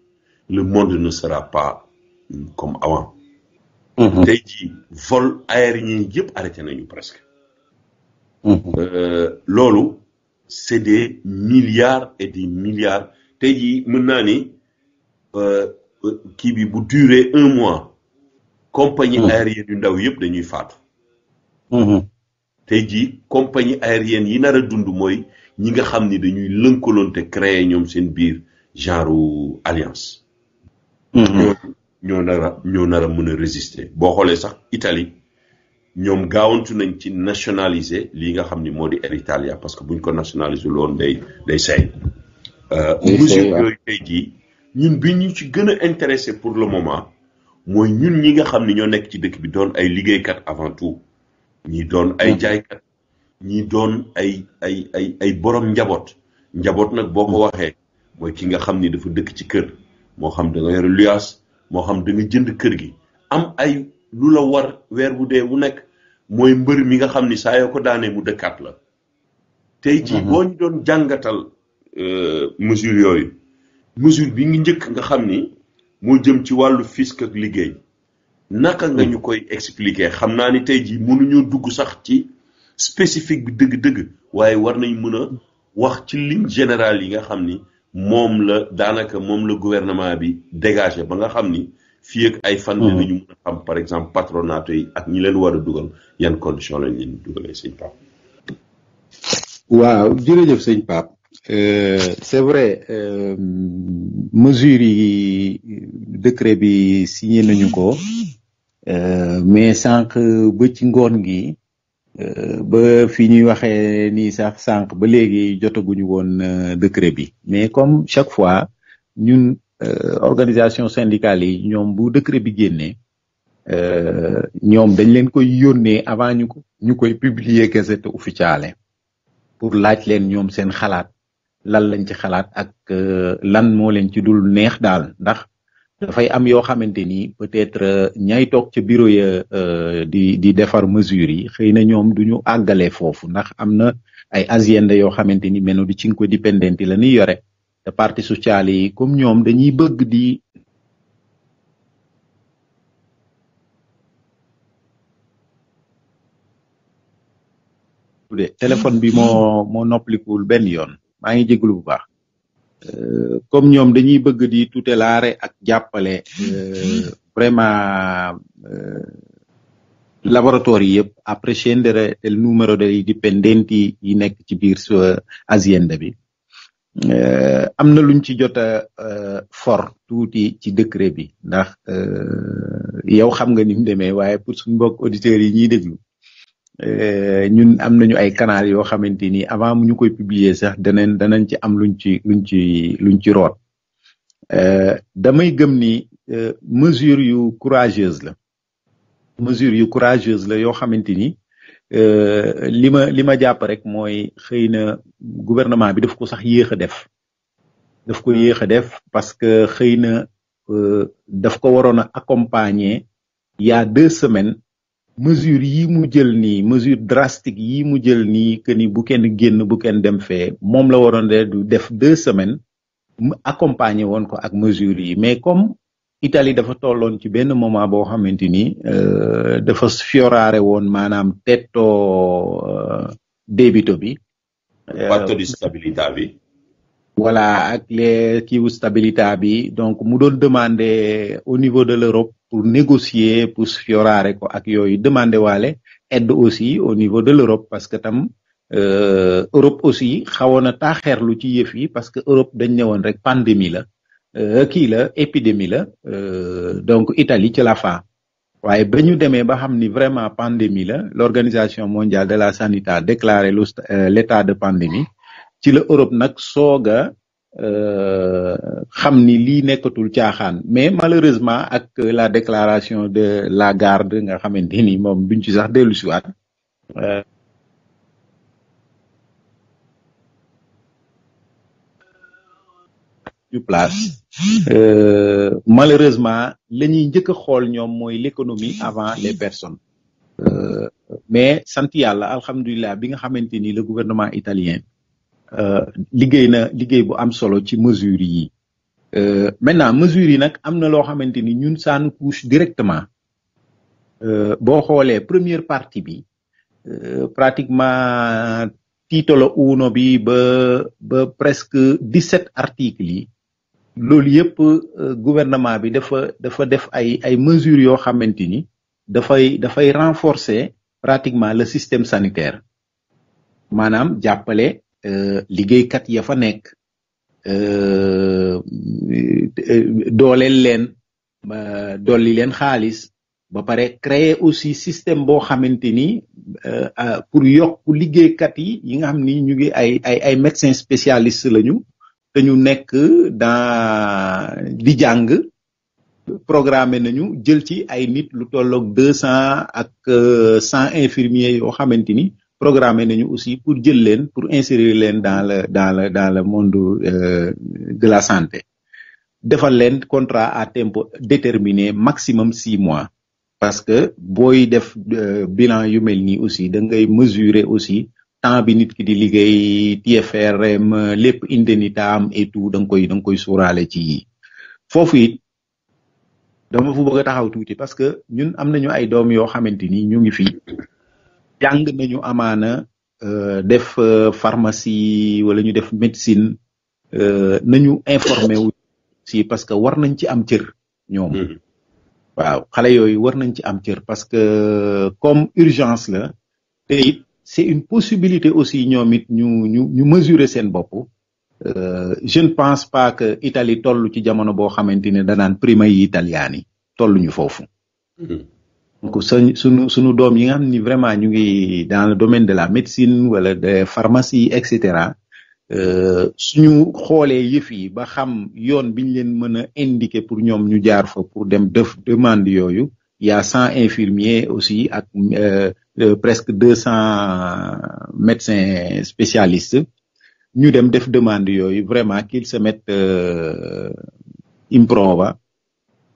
le monde ne sera pas comme avant. Mhm. tey dit, vol aérien yi arrêté nañu presque. Mhm. Euh, Lolo, c'est des milliards et des milliards tey dit, mën naa ni euh, durer un mois. compagnie mhm. aérienne yu ndaw yëpp dañuy faatu. tey dit, compagnie aérienne yi nar a dund mooy ñi nga xam ni dañuy lënkaloon créer ñoom seen de genre alliance. Mm-hmm. ñoo ñoo nar a ñoo nar a mën a résister boo xoolee sax Italie ñoom gaawantu nañ ci nationaliser lii nga xam ni moo di Air Italia parce que buñ ko nationaliser loon day day say euh, mesure yooyu tey jii ñun bi ñu ci gën a intéressé pour le moment mooy ñun ñi nga xam ni ñoo nekk ci dëkk bi doon ay liggéeykat avant tout ñi doon ay mm-hmm. jaaykat ñi doon ay ay ay ay borom njaboot njaboot nag boo ko waxee mooy ki nga xam ni dafa dëkk ci kër mo xam da nga yore lias mo xam da nga jënd kër gi am ay lu la war weer bu dee bu nekk mooy mbër mi nga xam ni saa yoo ko daanee mu dëkkaat la tey ji mhm. boo ñu doon jàngatal euh, mesure yooyu mesure bi ngi njëkk nga xam ni moo jëm ci wàllu fisc ak liggéey naka nga ñu koy expliquer xam naa ni tey ji mënuñoo dugg sax ci spécifique bi dëgg-dëgg waaye war nañ mën wax ci ligne générale yi nga xam ni moom la daanaka moom la gouvernement bi dégagé ba nga xam ni fii ay fan. dinañu mhm. mën a xam par exemple patronat yi ak ñi leen war a dugal yan condition lañ leen dugalee sëñ Pape. waaw jërëjëf sëñ Pape euh, c'est vrai euh, mesures yi décret bi signé nañu ko euh, mais sànq ba ngoon gi. Euh, ba fi ñuy waxee nii sax sànq ba léegi jotaguñu woon euh, décret bi mais comme chaque fois ñun euh, organisation syndicale yi ñoom bu décret bi génnee ñoom dañ leen koy yónnee avant ñu ko ñu koy publier gazette officielle pour laaj leen ñoom seen xalaat lan lañ ci xalaat ak lan moo leen ci dul neex daal ndax dafay am yoo xamante ni peut-être euh, ñay toog ca bureau ya euh, di di defar mesures yi xëy na ñoom duñu ñu foofu ndax am na ay agenda yoo xamante ni mel di cinque dipendenti la ñuy yore te parti sociale yi comme ñoom dañuy bëgg di. de téléphone bi moo moo noppalikuwul benn yoon maa ngi jégalu bu baax. Euh, comme ñoom dañuy bëgg di tutelaare ak jàppale mm-hmm. euh, vraiment euh, laboratoire yi yëpp a crescere il numero dei dipendenti yi nekk ci biir azienda bi am na luñ ci jot a for tuuti ci décret bi ndax yow xam nga ni mu demee waaye pour suñ mbokk auditeurs yi ñuy déglu Eh, ñun am nañu ay canal yoo xamante ni avant mu ñu koy publier sax danañ danañ ci am luñ ci luñ ci luñ ci root eh, damay gëm ni eh, mesure yu courageuse la mesure yu courageuse la yoo xamante ni li ma li ma jàpp rek mooy xëy na gouvernement bi daf ko sax yéex a def daf ko yéex a def parce que xëy na daf ko waroon a accompagner il y a deux semaines mesure yi mu jël ni mesure drastique yi mu jël ni que ni bu kenn génn bu kenn dem fee moom la waroon de du def deux semaines mu accompagner woon ko ak mesure yi mais comme Italie dafa tolloon ci benn moment boo xamante ni euh, dafa fioraare woon maanaam tettoo euh, débito bi. Euh, pacte de stabilité bi. voilà ak les kiiwu stabilité bi donc mu doon demander au niveau de l'Europe pour négocier pour fioraare ko ak yoy demandé walé aide aussi au niveau de l'Europe parce que tam euh, Europe aussi xawoon a taaxeerlu ci yef yi parce que Europe dañ ne rek pandémie la euh, ki la épidémie la euh, donc Italie ci la fa waye bañu démé ba xamni vraiment pandémie la l'organisation mondiale de la santé a déclaré euh, l'état de pandémie ci Europe naksoga Euh, xam ni lii nekkatul caaxaan mais malheureusement ak euh, la déclaration de garde nga xamante ni moom duñ ci sax dellu si waat du euh, place malheureusement lañuy ñuy xol ñom moy l'économie avant les personnes mais sant yalla alhamdoulillah bi nga xamante ni le gouvernement italien euh, liggéey na liggéey bu am solo ci mesures yi euh, maintenant mesures yi nag am na loo xamante ni ñun ça couche touche directement euh, boo xoolee première partie bi pratiquement titolo uno bi ba ba presque dix-sept articles yi loolu yëpp gouvernement bi dafa dafa def ay ay mesures yoo xamante ni dafay dafay renforcer pratiquement le système sanitaire maanaam jàppale Eh, kati ya fa nekk eh, eh, dooleel leen dolli leen xaalis ba pare créer aussi système boo xamante ni ah, pour yokk liggéeykat yi yi nga xam ni ñu ngi ay ay ay médecins spécialistes lañu te ñu nekk dans di jàng programmé nañu jël ci ay nit lu tolloog deux cent ak cent infirmiers yoo xamante programmer nañu aussi pour jël leen pour insérer leen dans le dans le dans le monde euh, de la santé defal leen contrat à tempo déterminé maximum 6 mois parce que boy def euh, bilan yu melni aussi da ngay mesurer aussi temps bi nit ki di liggéey TFRM lepp indemnité am et tout dang koy dang koy souralé ci fofu it dama fu bëgg taxaw tuuti parce que ñun am nañu ay doom yo xamanteni ñu ngi fi jàng nañu amaana euh, def euh, pharmacie wala ñu def médecine euh, nañu informé wu si parce que war nañ ci am cër ñoom mm-hmm. waaw xale yooyu war nañ ci am cër parce que comme urgence la te it c'est une possibilité aussi ñoom it ñu ñu ñu mesurer seen boppu je ne pense pas que Italie toll ci jamono boo xamante ne danaan prima yi tollu tolluñu foofu mm-hmm. donc suñu suñu suñu doom yi nga ni vraiment ñu ngi dans le domaine de la médecine wala de pharmacie et cetera euh, suñu xoolee yëf yi ba xam yoon biñ leen mën indiquer pour nous ñu jaar fa pour dem def demande il y a 100 infirmiers aussi ak euh, euh, presque 200 médecins spécialistes ñu dem def demande yo vraiment qu'ils se mettent improva prova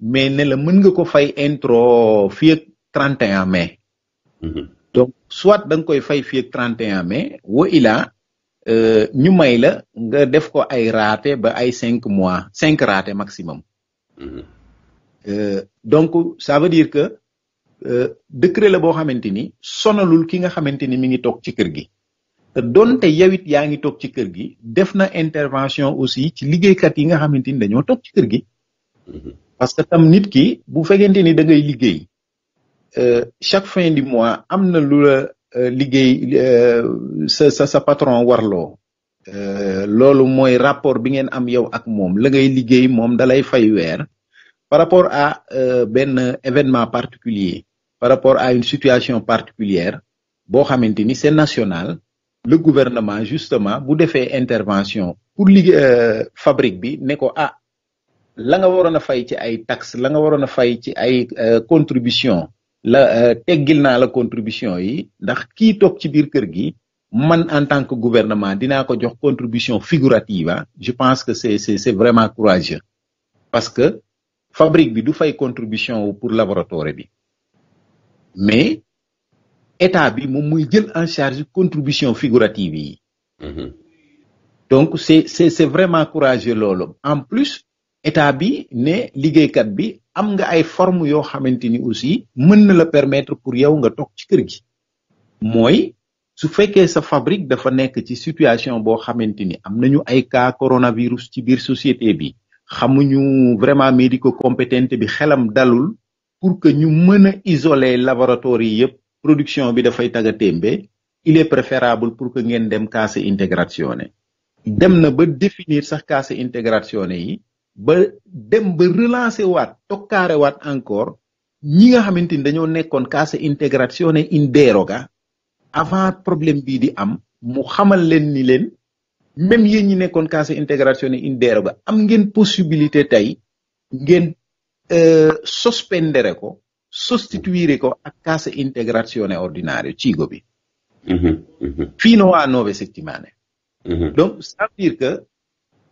mais ne la mën nga ko fay intro fii ak 31 mai. Mhm. donc soit da nga koy fay fii ak 31 mais wa ilaa euh, ñu may la nga def ko ay raate ba ay cinq mois cinq raate maximum. Mhm. Euh, donc ça veut dire que euh, décret la boo xamante ni sonalul ki nga xamante ni mi ngi toog ci kër gi. te donte yow it yaa ngi toog ci kër gi def na intervention aussi ci liggéeykat yi nga xamante ni dañoo toog ci kër gi. Mhm. parce que tam nit ki bu fekkente ni da ngay euh, chaque fin du mois am na lu la euh, liggéey euh, sa sa sa patron warloo euh, loolu rapport bi ngeen am yow ak mom, la ngay liggéey moom dalay fay par rapport à un événement particulier par rapport à une situation particulière bo xamante ni c'est national le gouvernement justement bu fait intervention pour la fabrique bi ne a ah la nga waroon a fay ci ay taxes la nga waroon a fay ci ay euh, contribution la euh, teggil la contribution yi ndax kii toog ci biir kër en tant que gouvernement dinaa ko jox contribution figurative je pense que c'est c'est vraiment courageux parce que fabrique bi du fay contribution pour laboratoire mais l'État, bi moom muy jël en charge contribution figurative mm-hmm. donc c'est c'est vraiment courageux en plus état bi ne liggéeykat bi am nga ay forme yoo xamante ni aussi mën na la permettre pour yow nga toog ci kër gi mooy su fekkee sa fabrique dafa nekk ci situation boo xamante ni am nañu ay cas coronavirus ci biir société bi xamuñu vraiment médico compétente bi xelam dalul pour que ñu mën a isoler laboratoire yi yëpp production bi dafay taga témbe il est préférable pour que ngeen dem case intégrazione dem na ba définir sax case intégrazione yi ba dem ba relancer waat tokkaare waat encore ñi nga xamante ni dañoo nekkoon cassa integrazione in deroga avant problème bii di am mu xamal leen ni leen même yéen ñi nekkoon cassa integrazione in deroga am ngeen possibilité tey ngeen euh, sospendere ko sostituire ko a cassa integrazione ordinario cigo bi mm-hmm. mm-hmm. fino a nove settimane mm-hmm. donc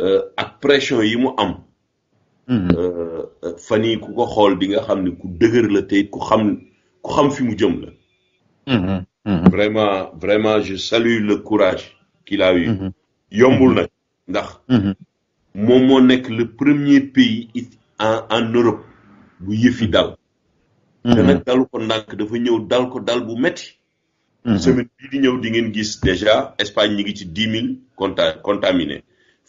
Euh, ak pression yi mu am. Mm-hmm. Euh, fan yii ku ko xool di nga xam ne ku dëgër la te ku xam ku xam fi mu jëm la. Mm-hmm. Mm-hmm. vraiment vraiment je salue le courage qu'il a eu. yombul nag ndax. moom moo nekk le premier pays en en Europe bu yëfi dal. te nag dalu ko ndànk dafa ñëw dal ko dal bu metti semaine bii di ñëw di ngeen gis déjà Espagne ñi ngi ci dix mille conta contaminé.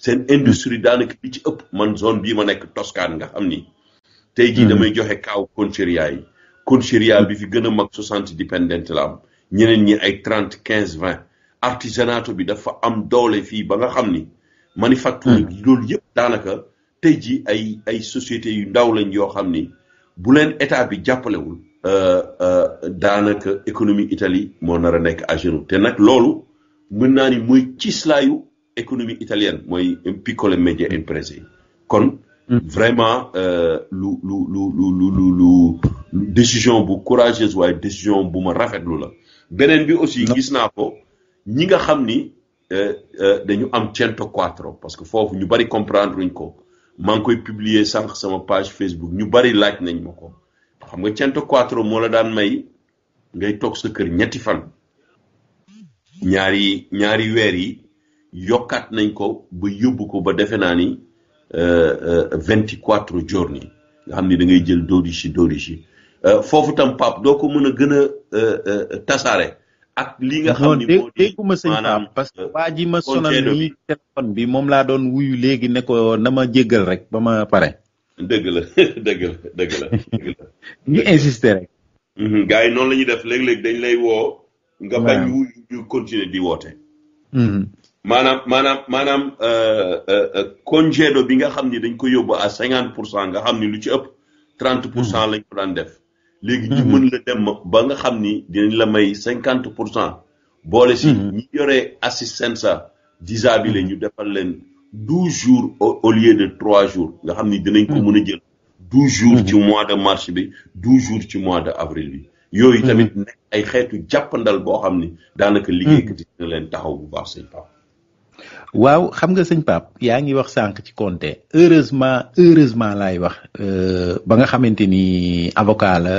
seen industrie daanaka bi ci ëpp man zone bii ma nekk Toscane nga xam ni. tey jii hmm. damay joxe kaaw conceria yi. conceria bi fi gën a mag soixante dépendante la am ñeneen ñi ay trente quinze vingt. artisanato bi dafa am doole fii ba nga xam ni. manufacture bi hmm. loolu yëpp daanaka tey jii ay ay sociétés yu ndaw lañ yoo xam ni bu leen état bi jàppalewul. Euh, euh, daanaka économie Italie moo nar a nekk à te nag loolu mën naa ni mooy cislaayu. économie italienne mooy piccole média imprese yi kon vraiment euh, lu lu lu lu lu lu décision bu courageuse waaye décision bu ma rafetlu la Benen bi aussi gis naa ko ñi nga xam ni euh, euh, dañu am centoquattro parce que fofu, ñu bari comprendre luñ ko maa koy publier sank sama page Facebook ñu bari laaj nañ ma xam nga centoquattro mo la daan may ngay tok sa kër ñetti fan ñaari ñaari weer yi yokkaat nañ ko ba yóbbu ko ba defe naa ni euh, euh, vingt quatre journée nga xam ni da jël doodi si doodi si euh, foofu tam pap doo ko mën a gën a tasaare ak li nga xam ni moo di dégguma sëñ Pape parce que waa ji ma sonal nii téléphone bi moom laa doon wuyu léegi ne ko na ma jéggal rek ba ma pare dëgg la dëgg la dëgg la dëgg insister rek mm-hmm. gars yi noonu la def léeg-léeg dañ lay woo nga bañ wuyu ñu di woote mm-hmm. maanaam maanaam maanaam euh, euh, euh, congedo bi nga xam ni dañ ko yóbbu à cinquante pour cent nga xam ni lu ci ëpp trente pour cent hmm. lañ ko daan def léegi hmm. ñu mën la dem ba nga xam ni dinañ la may cinquante pour cent boole si hmm. ñi yore assistanza disabile ñu defal leen douze jours au lieu de trois jour nga xam ni dinañ ko mën a jël douze jours ci mois de mars bi douze jours ci mois de avril bi yooyu tamit ay xeetu jàppandal boo xam ni daanaka liggéeykat yi dina leen taxaw bu baax seen papa waaw xam nga sëñ Pape yaa ngi wax sànq ci Conte heureusement heureusement laay wax euh, ba nga xamante ni avocat la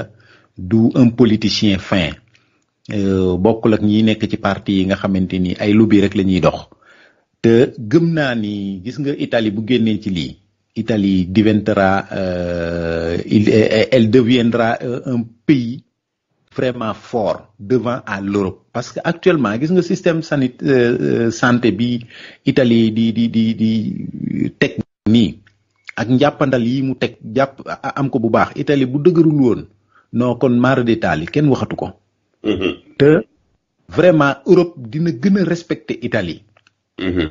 du un politicien fin euh, bokkul ak ñi nekk ci parti yi nga xamante ni ay lobby rek la ñuy dox te gëm naa ni gis nga itali bu génnee ci lii itali diventera euh, il elle deviendra un pays vraiment fort devant à l'Europe parce que actuellement gis nga système sanitaire euh, euh, santé bi Italie di di di di technique, nii ak njàppandal yi mu tek japp am ko bu baax Italie bu dëgërul woon non kon mara d'Italie ken waxatu ko. Mm-hmm. te vraiment Europe dina gën a respecter Italie. Mm-hmm.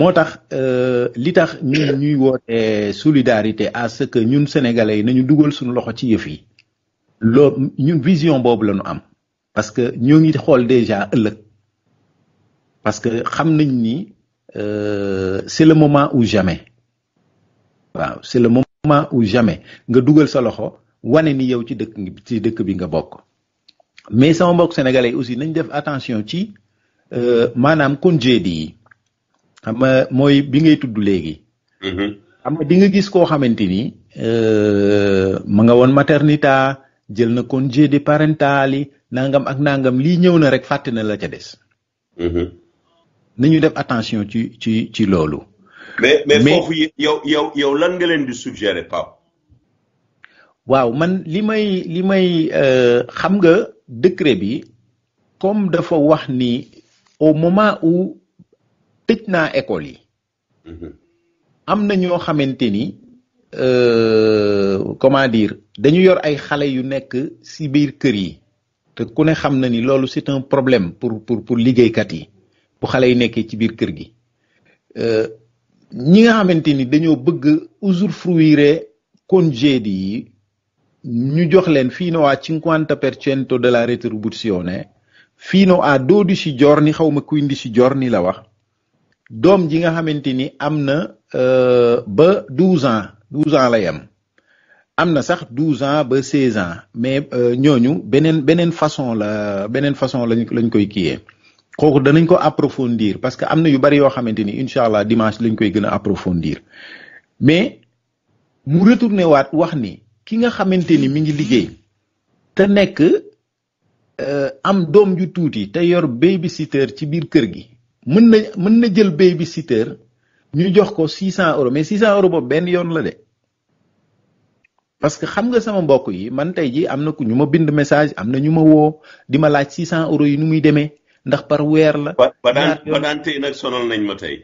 motax euh li tax ñuy wote solidarité à ce que ñun sénégalais yi nañu duggal suñu loxo ci yëf yi une vision pour parce que nous ngi déjà parce que ni euh, c'est le moment ou jamais c'est le moment ou jamais nga duggal sa loxo ni yow ci ci bi nga mais sama mbokk sénégalais aussi nañ def attention ci euh, bi ngay mm-hmm. ni euh, ma nga maternité. jël na congé de parental yi nangam ak nangam lii ñëw na rek fàtte na la ca des. Mm-hmm. nañu def attention ci ci ci loolu. mais mais yow yow lan nga leen di suggérer Pape. waaw man li may li may euh, xam nga décret bi comme dafa wax ni au moment u tëj naa école yi. Mm-hmm. am na ñoo xamante ni. Euh, comment dire dañu yor ay xale yu nekk si biir kër yi te ku ne xam na ni loolu c'est un problème pour pour pour liggéeykat yi bu xale yi nekkee ci biir kër gi euh, ñi nga xamante ni dañoo bëgg usufruire congédi yi ñu jox leen fino a cinquanta per cento della retribuzione fino a dodici giorni xaw ma quindici giorni la wax doom ji nga xamante ni am na euh, ba douze ans 12 ans lay am sax douze ans ba 16 ans mais euh, ñooñu benen façon la façon lañ lañ koy ko approfondir parce que am yu bari yo xamanteni inshallah dimanche lañ koy approfondir mais mu retourné wax ni ki nga xamanteni mi ngi liggéey te euh, am dom ju tuuti te yor babysitter ci kër gi jël babysitter ñu jox ko 600 euros mais 600 euros boobu benn yoon la de parce que xam nga sama mbokk yi man tey ji am na ku ñu ma bind message am na ñu ma woo di ma laaj 600 euro yi nu muy demee ndax par weer la. ba daan ba daan tey nag sonal nañ ma tey.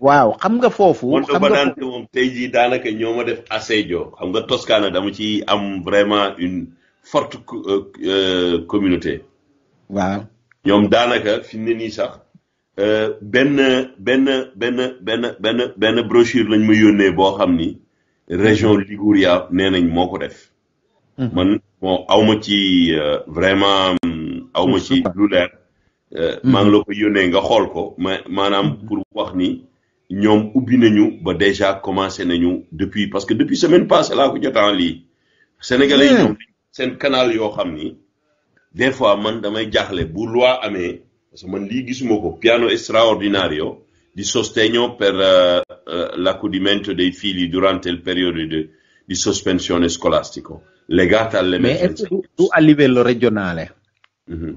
waaw xam nga foofu. xam nga moom tey jii daanaka ñoo ma def assedio xam nga Toscana dama ci am vraiment une forte euh, euh, communauté. waaw ñoom daanaka fi mu ne nii sax. Euh, benn ben, ben, ben, ben, ben, brochure lañ ma yónnee boo xam région Liguria nee nañ moo ko def. Hmm. man bon awma ci euh, vraiment awma ci hmm. lu leer. Euh, hmm. maa ngi la ko yónnee nga xool ko mais maanaam pour wax ni ñoom ubbi nañu ba déjà commencé nañu depuis parce que depuis semaine passée laa ko jotaan lii. Sénégalais yi ñoom seen canal yoo xam ni des fois man damay jaaxle bu loi amee. siamo lì su diciamo, un piano straordinario di sostegno per uh, uh, l'accudimento dei figli durante il periodo di, di sospensione scolastico legata all'emergenza. Tu, tu a livello regionale? Mm-hmm.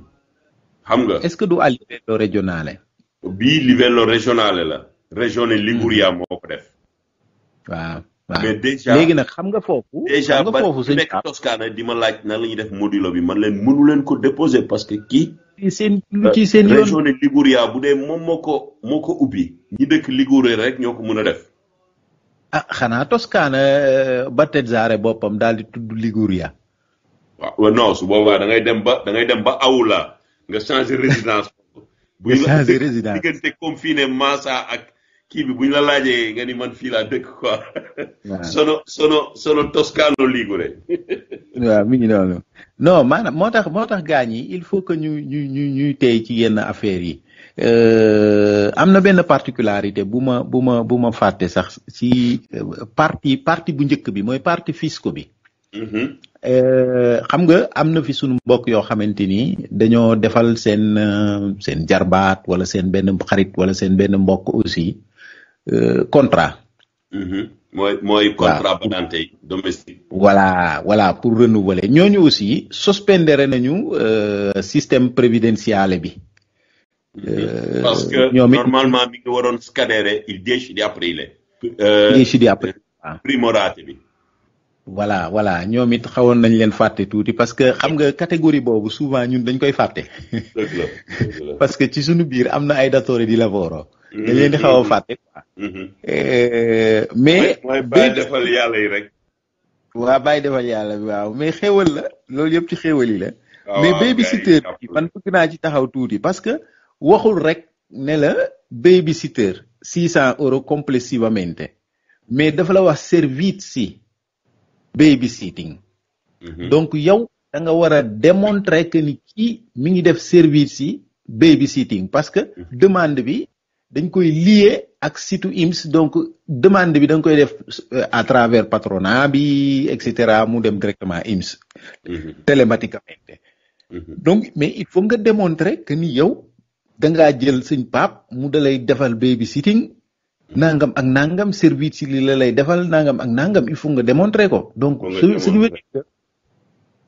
est tu a livello regionale? Bi livello regionale la regione mm. Liguria mm-hmm. moo ko def. waaw waaw léegi nag xam nga foofu. xam nga foofu sëñ déjà ba nekk Toscana di ma laaj nan la ñuy def modulo bi man leen mënu leen ko déposer parce que kii seen euh, lu ci seen yoon région de Liguria bu dee moom moo moo ko ubbi. ñi dëkk Liguria rek ñoo ko mën a def. ah xanaa Toscana euh, Battizzare boppam daal di tudd Liguria. waaw non su boobaa da ngay dem ba da ngay dem ba Aula nga changer résidence. nga changer résidence kii bi bu la laajee nga ni man fii laa dëkk quoi. sono sono sono toscano ligure. moo tax moo tax gaañ yi il faut que ñu ñu ñu ñuy tey ci yenn affaires yi euh, am na benn particularité bu ma bu ma bu ma fàtte sax ci euh, parti parti bu njëkk bi mooy parti fisco bi. Mm-hmm. Euh, xam nga am na fi sunu mbokk yoo xamante ni dañoo defal seen seen jarbaat wala seen benn xarit wala seen benn mbokk aussi. Euh, contrat. Mm-hmm. mooy mooy contrat banante yi domestique. voilà ñooñu aussi suspendere nañu euh, système prévidentiale bi. Mm-hmm. Euh, parce que normalement mi ngi waroon scadere il 10 di aprile. 10 di aprile bi. voilà voilà ñoom it xawoon nañ leen fàtte tuuti parce que xam nga catégorie boobu souvent ñun dañ koy fàtte. parce que ci suñu biir am na ay datore di lavoro Mhm. dañ leen di xaw a mhm. eh, mais mooy defal yàlla yi rek. waa bàyyi defal yàlla bi waaw mais xéwal la loolu yëpp ci xéewal yi la. Ah, mais babysitter bi man bëgg naa ci taxaw tuuti parce que waxul rek ne la babysitter six cent euros complessivamente mais dafa la wax servite servizi babysitting mhm. donc yow da nga war a démontrer que ni kii mi ngi def service yi babysitting parce que demande bi dañ koy lié ak site IMS donc demande bi da koy def euh, à travers patronat bi et cetera mu dem directement IMS. Mhm. télématiquement. Mhm. donc mais il faut nga démontrer que ni yow da ngaa jël suñ pap mu dalay defal baby sitting mhm. nangam ak nangam service li la lay defal nangam ak nangam il faut nga démontrer ko. donc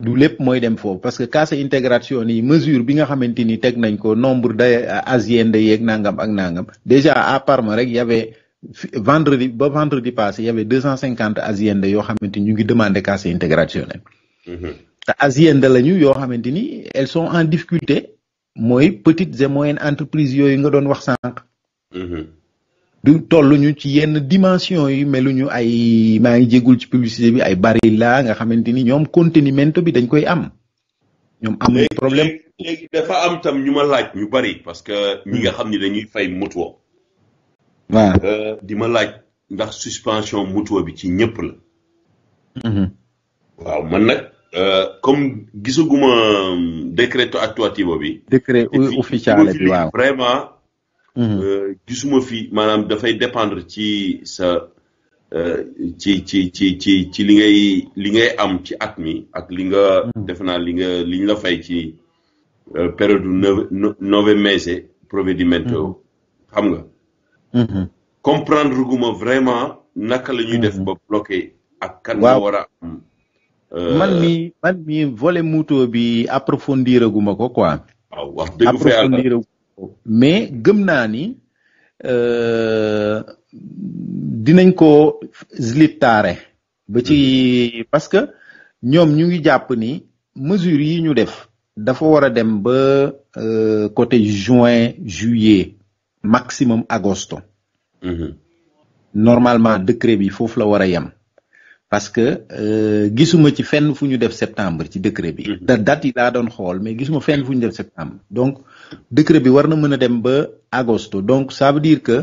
du lepp moy dem foofu parce que casse intégration yi mesure bi nga xamanteni tek nañ ko nombre de asiende nangam ak nangam déjà à Parma rek y avait vendredi ba vendredi passé y avait 250 cent cinquante asiende yoo xamante ni ñu ngi demandé cassa intégrationnelle mm-hmm. te asiende la ñu yoo elles sont en difficulté moy petites et moyennes entreprises yoy nga doon wax sànq mm-hmm du ñu ci yenn dimension yi meluñu ay maa ngi jégul ci publicité bi ay bari la nga xamante ni ñoom contenimento bi dañ koy am. ñoom amuñu problème léegi dafa am tam ñu ma laaj ñu bari parce que ñi hmm. nga xam ni dañuy fay mutuo. waaw euh, di ma laaj ndax suspension mutuo bi ci ñëpp la. Hmm. waaw man nag euh, comme gisaguma euh, décret attuativo bi. décret officiel bi waaw vraiment. Mhm. Euh, gisuma fi maanaam dafay dépendre ci sa euh, ci ci ci ci ci li ngay li ngay am ci at mi ak li nga. Mhm. defe naa li nga li la fay ci euh, période nove nove mese provvedimento. Mhm. xam nga. comprendre guma vraiment naka la ñuy def ba bloqué. ak kan nga war a am. man mi man mi volet mutuo bi approfondir guma ko quoi. waaw wax dëgg fa yàlla mais gëm naa ni euh, dinañ ko tare ba ci mm-hmm. parce que ñoom ñu ngi jàpp ni mesure yi ñu def dafa war a dem ba euh, côté juin juillet maximum agosto mm-hmm. normalement décret bi foofu la war a yem parce que euh, gisuma ci fenn fu ñu def septembre ci décret bi mm-hmm. da date yi laa doon xool mais gisuma fenn fu ñu def septembre donc décret bi war mëna mën dem ba agosto donc ça veut dire que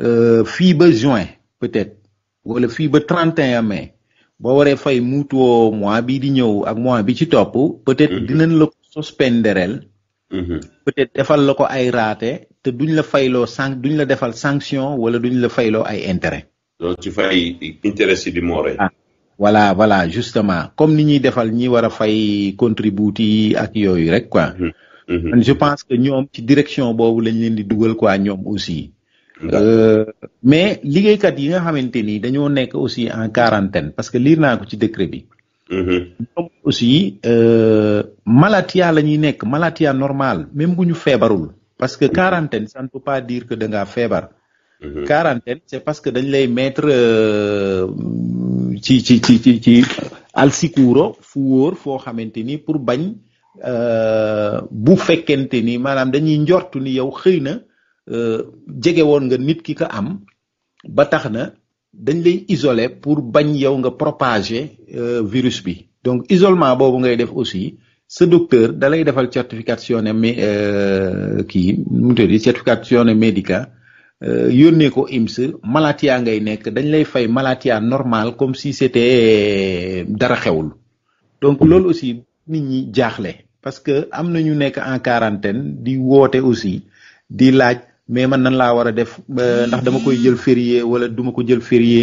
euh, fi ba juin peut-être wala fi ba 31 mai bo waré fay mutuo mois bi di ñëw ak mois bi ci top peut-être mhm. dinañ la ko suspenderel mhm. peut-être défal lako ay raté té duñ la faylo sank duñ la défal sanction wala duñ la faylo ay intérêt donc ci fay intérêt ci di moore ah, voilà voilà justement comme ni ñi défal ñi wara fay contributi ak yoyu rek quoi mhm je pense que ñom ci direction bobu lañ leen di duggal quoi ñom aussi. mais kat yi nga xamanteni dañu nek aussi en quarantaine parce que liir naa ko ci décret bi. ñoom aussi malatia la ñuy nekk malatia normal même bu ñu feebarul. parce que quarantaine ça ne peut pas dire que da nga feebar. quarantaine c'est parce que dañ lay mettre ci ci ci ci ci alsikuro fu wor fo xamanteni pour bañ. Euh, bu fekkente ni maanaam dañuy njortu ni yow xëy na euh, jege woon nga nit ki ko am ba tax na dañ lay isoler pour bañ yow nga propager euh, virus bi donc isolement boobu ngay def aussi sa docteur da lay defal certification ne mais kii nu mu tudd certification ne médica yónnee ko IMS malatia ngay nekk dañ lay fay malatia normal comme si c'était dara xewul donc loolu aussi nit ñi jaaxle. parce que am na ñu nekk en quarantaine di woote aussi di laaj mais man nan laa war a def mm-hmm. ndax dama koy jël férié wala duma ko jël férié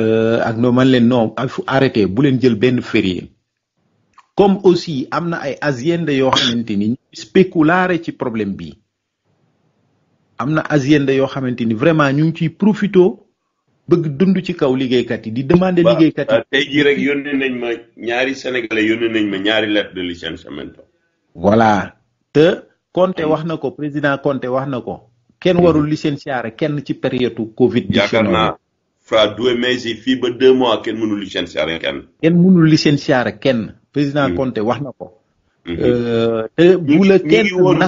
euh, ak no man leen non il faut arrêter bu leen jël benn férié comme aussi am na ay aziende yoo xamante ni spéculare ci problème bi am na aziende yoo xamante ni vraiment ñu ngi ciy profito bëgg dund ci kaw liggéeykat yi di demander liggéeykat yi. tey jii rek yónnee nañ ma ñaari sénégalais yónnee nañ ma ñaari lettre de licenciement voilà te Conte wax na ko président Conte wax na ko kenn warul licencier kenn ci période Covid. yaakaar naa Fra Doué Maïs fii ba deux mois kenn mënul licencier kenn. kenn mënul licencier kenn. président mm. Conte wax na ko. Mm-hmm. Euh, te bu la kenn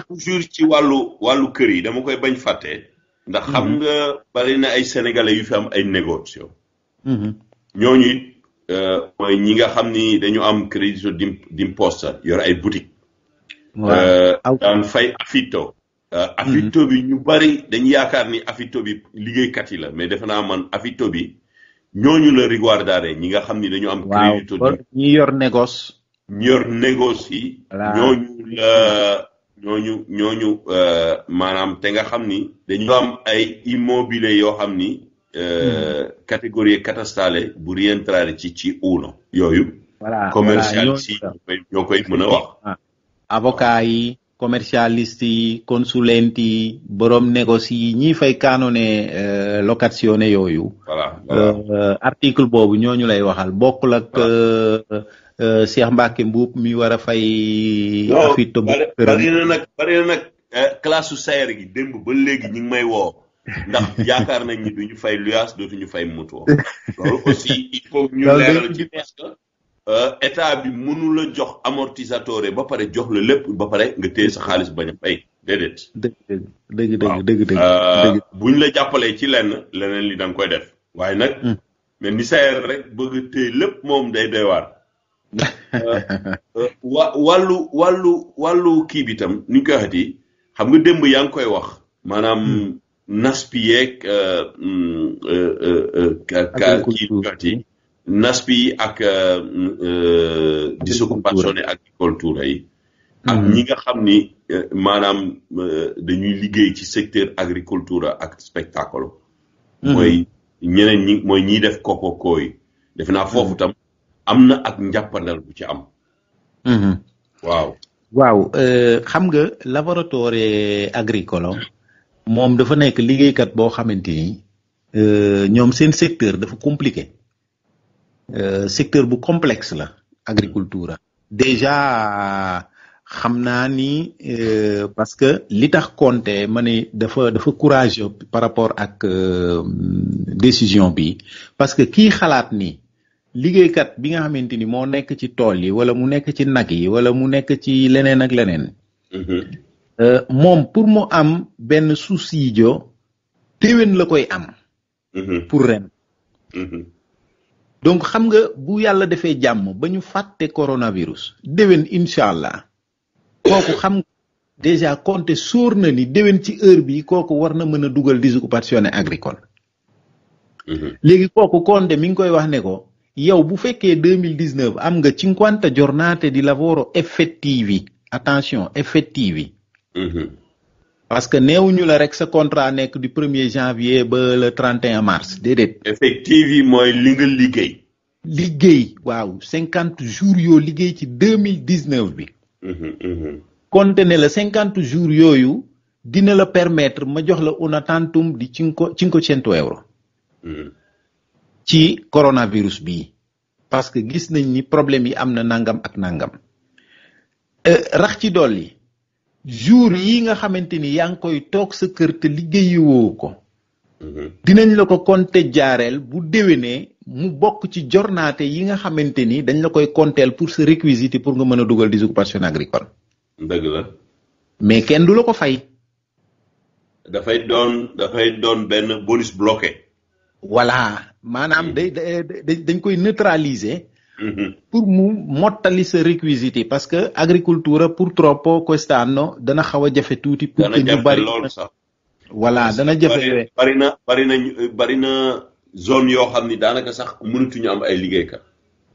toujours ci wàllu wàllu kër yi dama koy bañ fàtte. ndax xam mm-hmm. nga bari na ay sénégalais yu fi am ay négociations. Mm-hmm. ñooñu euh, mooy ñi nga xam ni dañu am crédit d'imposte yor ay boutique Euh, daan fay afito euh, afito bi ñu bari dañu yaakaar ni afito bi liggéeykat yi la mais defe naa man afito bi ñooñu la riguardare ñi nga xam ni dañu am crédito ñi yor négoce ñi yor négoce yi ñooñu la ñooñu ñooñu euh, maanaam te nga xam ni dañu am ay immobilier yoo xam ni hmm. catégorie catastale bu rientrare ci ci uno yooyu commercial si ñoo koy mën a wax ah. avocat yi commercialiste yi consulente yi borom négoce yi ñiy fay kaanone euh, location yooyu. voilà euh, article boobu ñooñu lay waxal bokkul ak. Euh, Cheikh Mbacke Mbuub mi war a fay. affaire tëb bari na nag bari su sayer gi démb ba léegi ñu may woo. ndax yaakaar na ni duñu fay luyaas dootuñu fay mutuo loolu aussi il faut ñu leeral ci parce que Euh, état bi mënula jox amortisateur ba pare jox la lépp ba pare nga téye sa xaalis bañ a fay déedéet. dëgg dëgg dëgg dëgg euh, buñ la jàppalee ci lenn leneen li da koy def. waaye nag. Hmm. mais ni sayer rek bëgg téye lépp moom day doy waar. Euh, wa wàllu wàllu wàllu kii bi tam ni ñu koy waxati xam nga démb yaa ngi koy wax. maanaam hmm. nas bi yeeg. Hmm, agriculture kii bi NASPI ak euh, euh, disoccupation agriculture yi mm-hmm. ak ñi nga xam ni euh, maanaam dañuy liggéey ci secteur agriculture ak spectacle mm-hmm. mooy ñeneen ñi mooy ñiy def koko kooy defe naa foofu mm-hmm. tam am na ak njàppandal bu ci am waaw waaw xam nga laboratoire agricole moom dafa nekk liggéeykat boo xamante ni ñoom seen secteur dafa compliqué Euh, secteur bu complexe la agriculture déjà xam naa ni euh, parce que li tax Conté ma ne dafa dafa courageux par rapport ak euh, décision bi parce que kii xalaat ni liggéeykat bi nga xamante ni moo nekk ci tool yi wala mu nekk ci nag yi wala mu nekk ci leneen ak leneen mm-hmm. moom pour mu am benn subsidio téwén la koy am mm-hmm. pour ren mm-hmm donc xam nga bu yàlla defee jàmm ba ñu fàtte coronavirus déwén inshallah allah kooku xam déjà compte sóor na ni déwén ci heure bi kooku war na mën a dugal disoccupation agricole. Mhm. léegi kooku Conte mi ngi koy wax ne ko yow bu fekkee 2019 am nga cinquanta giornate di lavoro effettivi attention effettivi. Mhm. parce que néewuñu la rek sa contrat nekk du premier janvier ba le 31 mars déedéet. effective yi mooy li nga liggéey. liggéey waaw cinquante jours yoo liggéey ci deux mille dix neuf bi. compte mhm, mhm. la cinquante jours yooyu dina la permettre ma jox la un tantum di cinco cinquecento euro. Mhm. ci coronavirus bi parce que gis nañ ni problème yi am na nangam ak nangam. Euh, rax ci dolli. jour yi nga xamante ni yaa ngi koy toog sa kër te liggéeyoo ko. Mhm. dinañ la ko compter jaareel bu ne mu bokk ci jornaate yi nga xamante ni dañ la koy compter pour sa réquisite pour nga mën a dugal disoccupation agricole. dëgg mais kenn du la ko fay. dafay doon doon benn bonus bloqué. voilà maanaam mhm. day dañ koy neutraliser. Mhm. pour mu motali ce requisite parce que trop purtroppo quest'anno dana xawa jafé touti pour que ñu bari voilà dana jafé bari na bari na bari na zone yo xamni ni daanaka sax ñu am ay ka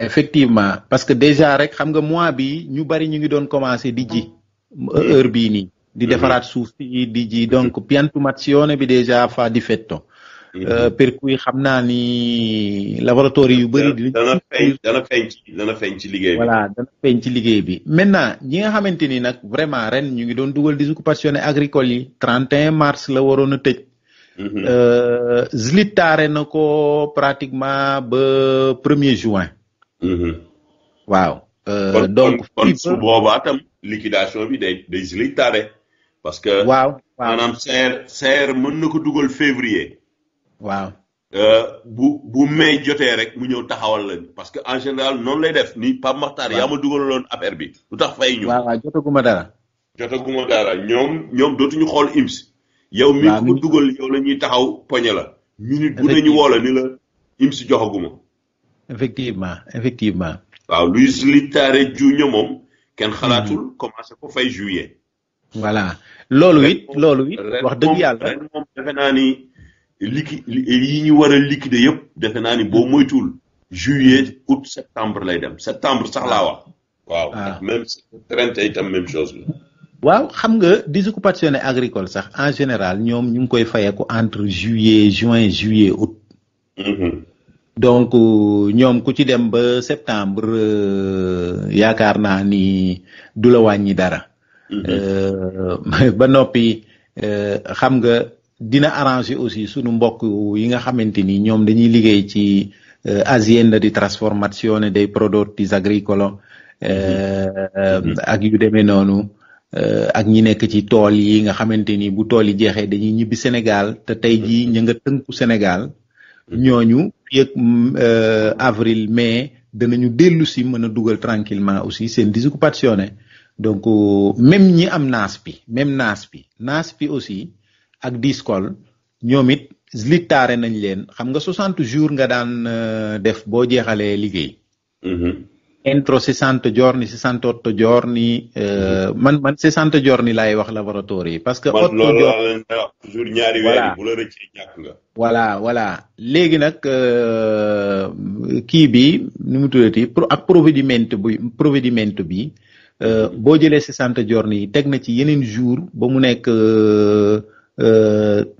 effectivement parce que déjà rek xam nga mois bi ñu bari ñu ngi doon commencer di ji heure bi ni di mhm. defarat souf di ji mhm. donc piantumazione bi déjà fa di fetto Euh, per kuy xam naa ni laboratoire yu bëri. dina dana feeñ dana feeñ ci dana feeñ ci liggéey bi. voilà dana feeñ ci liggéey bi. maintenant ñi nga xamante ni nag vraiment ren ñu ngi doon dugal disoccupation agricole yi. 31 mars la waroon a tëj. Mhm. Euh, ZLIT taare na ko pratiquement ba 1er juin. Mhm. waaw. Euh, donc kon su boobaa tam liquidation bi day day ZLIT taare. parce que. waaw waaw maanaam serre serre mën na ko dugal février waaw euh, bu bu may jotee rek mu ñëw taxawal la parce que en général noonu lay def ni pa Makhtar yaa ma dugaloon affaire bi lu tax fay ñu. waaw waaw jotaguma dara. jotaguma dara ñoom ñoom dootuñu xool IMS. yow mi ko dugal yow la ñuy taxaw poñe la. minute bu nañu woo ni la IMS joxaguma. effectivement effectivement. waaw Luis Litare Junior moom. kenn xalaatul mhm. commencé ko fay juillet. voilà loolu it loolu it wax dëgg yàlla ren moom defe naa ni. liqui yi ñu war a yëpp defe naa ni boo moytuwul juillet août septembre lay dem septembre sax laa wax. waaw ah. même trente itam même chose la. xam nga désoccupation agricole sax en général ñoom ñu ngi koy fayeeku entre juillet juin juillet août. Mm-hmm. donc euh, ñoom ku ci dem ba septembre euh, yaakaar naa ni du la wàññi dara. Mm-hmm. Euh, ba noppi xam nga. dina arranger aussi sunu mbokk yi nga xamante ni ñoom dañuy liggéey ci euh, azienda di trasformazione dei prodotti agricoli euh, mm-hmm. ak yu demee noonu euh, ak ñi nekk ci tool yi nga xamante ni bu tool yi jeexee dañuy ñibbi Sénégal te tey jii mm-hmm. ñu nga tënku Sénégal mm-hmm. ñooñu yëg avril mai danañu dellu si mën a dugal tranquillement aussi seen disoccupazione donc même ñi am naas bi même naas bi naas bi aussi ak Discol ñoom it zlitaare nañ leen xam nga 60 jours nga daan euh, def boo jeexalee liggéey. entro 60 giorni 68 giorni man man 60 giorni laay wax lavoratori yi parce que. otto giorni toujours ñaari weer bu la rëccee ñàkk nga. voilà voilà léegi nag euh, kii bi nu mu tuddati pro ak provvedimento bi provvedimento bi euh, boo jëlee 60 giorni yi teg na ci yeneen jour ba mu nekk. 120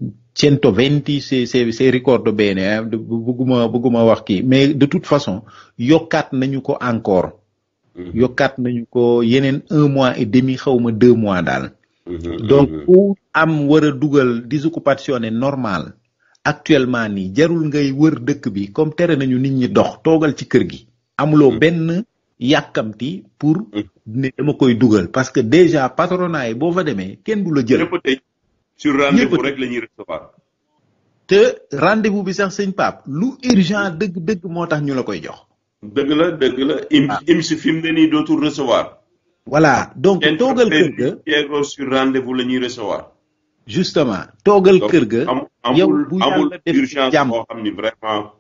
euh, c'est c'est c'est record bien, ah hein. bëgguma bëgguma wax ki mais de toute façon yokkaat nañu ko encore. Mm-hmm. yokkaat nañu ko yeneen un mois et demi xawma deux mois dal mm-hmm. donc mm-hmm. ku am wara dougal dugal disoccupation normale actuellement ni jarul ngay wër dëkk bi comme tere nañu nit ñi dox togal ci kër gi. amuloo benn yakamti pour. ne dama koy dougal parce que déjà patronat yi boo fa démé kenn du la jël sur rendez-vous rek la ñuy recevoir. te rendez-vous bi sax seigne Pape lu urgent deug deug motax ñu la koy jox. deug la deug la. im ah. im si fi mu ne nii recevoir. voilà donc togal kër ga sur rendez-vous la ñuy recevoir. justement togal kër ga. yow bu yàlla defee jàmm boo vraiment.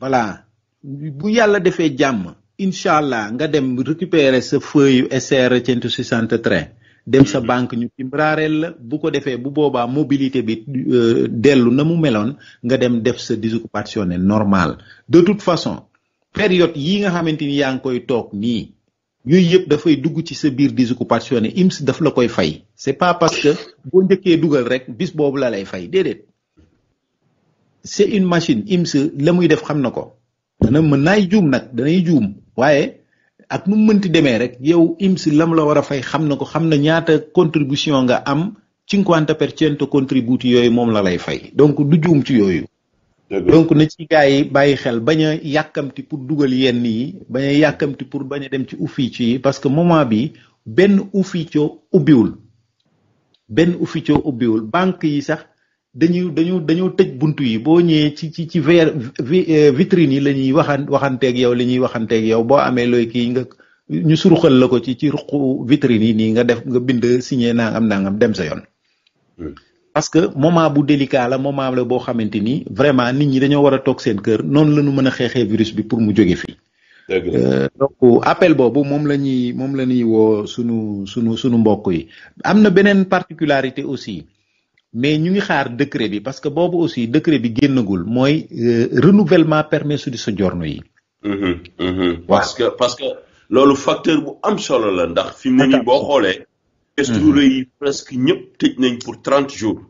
voilà bu yalla defee jamm inshallah nga dem récupérer ce feuille SR 163 dem sa banque ñu timbraareel la bu ko defee bu boobaa mobilité bi euh, dellu na mu meloon nga dem def sa disoccupation normale de toute façon période yi nga xamante ni yaa ngi koy toog nii yooyu yëpp dafay dugg ci sa biir disoccupation ims daf la koy fay c'est pas parce que boo njëkkee dugal rek bis boobu la lay fay déedéet c'est une machine ims la muy def xam na ko dana mën naay juum nag danay juum waaye ak nu mënti demee rek yow IMSS lam la war a fay xam na ko xam na ñaata contribution nga am cinquante per cento contributi yooyu moom la lay fay donc du juum ci yooyu donc na ci gars yi bàyyi xel bañ a yàkkamti pour dugal yenn yi bañ a yàkkamti pour bañ a dem ci ufficio yi parce que moment bi benn ufficio ubbiwul benn ufficio ubbiwul banque yi sax dañu dañu tëj bunt yi boo ñëwee ci ci ci ver eh, yi la ñuy waxan waxanteeg yow li ñuy waxanteeg yow boo amee looy kii nga ñu suruxal la ko ci ci ruqu vitrine yi nii nga def nga bind signé nangam nangam dem sa yoon. Hmm. parce que moment bu délicat la moment la boo xamante ni vraiment nit ñi dañoo war a toog seen kër noonu la ñu mën a xeexee virus bi pour mu jóge fii. Euh, donc appel boobu moom la ñuy moom la ñuy woo sunu sunu sunu mbokk yi. am na beneen particularité aussi. mais ñu ngi xaar décret parce que Bob aussi décret bi euh, renouvellement permet di se yi. Mm-hmm, mm-hmm. parce que parce que facteur bu am solo la ndax. fi mu mm-hmm. presque pour 30 jours.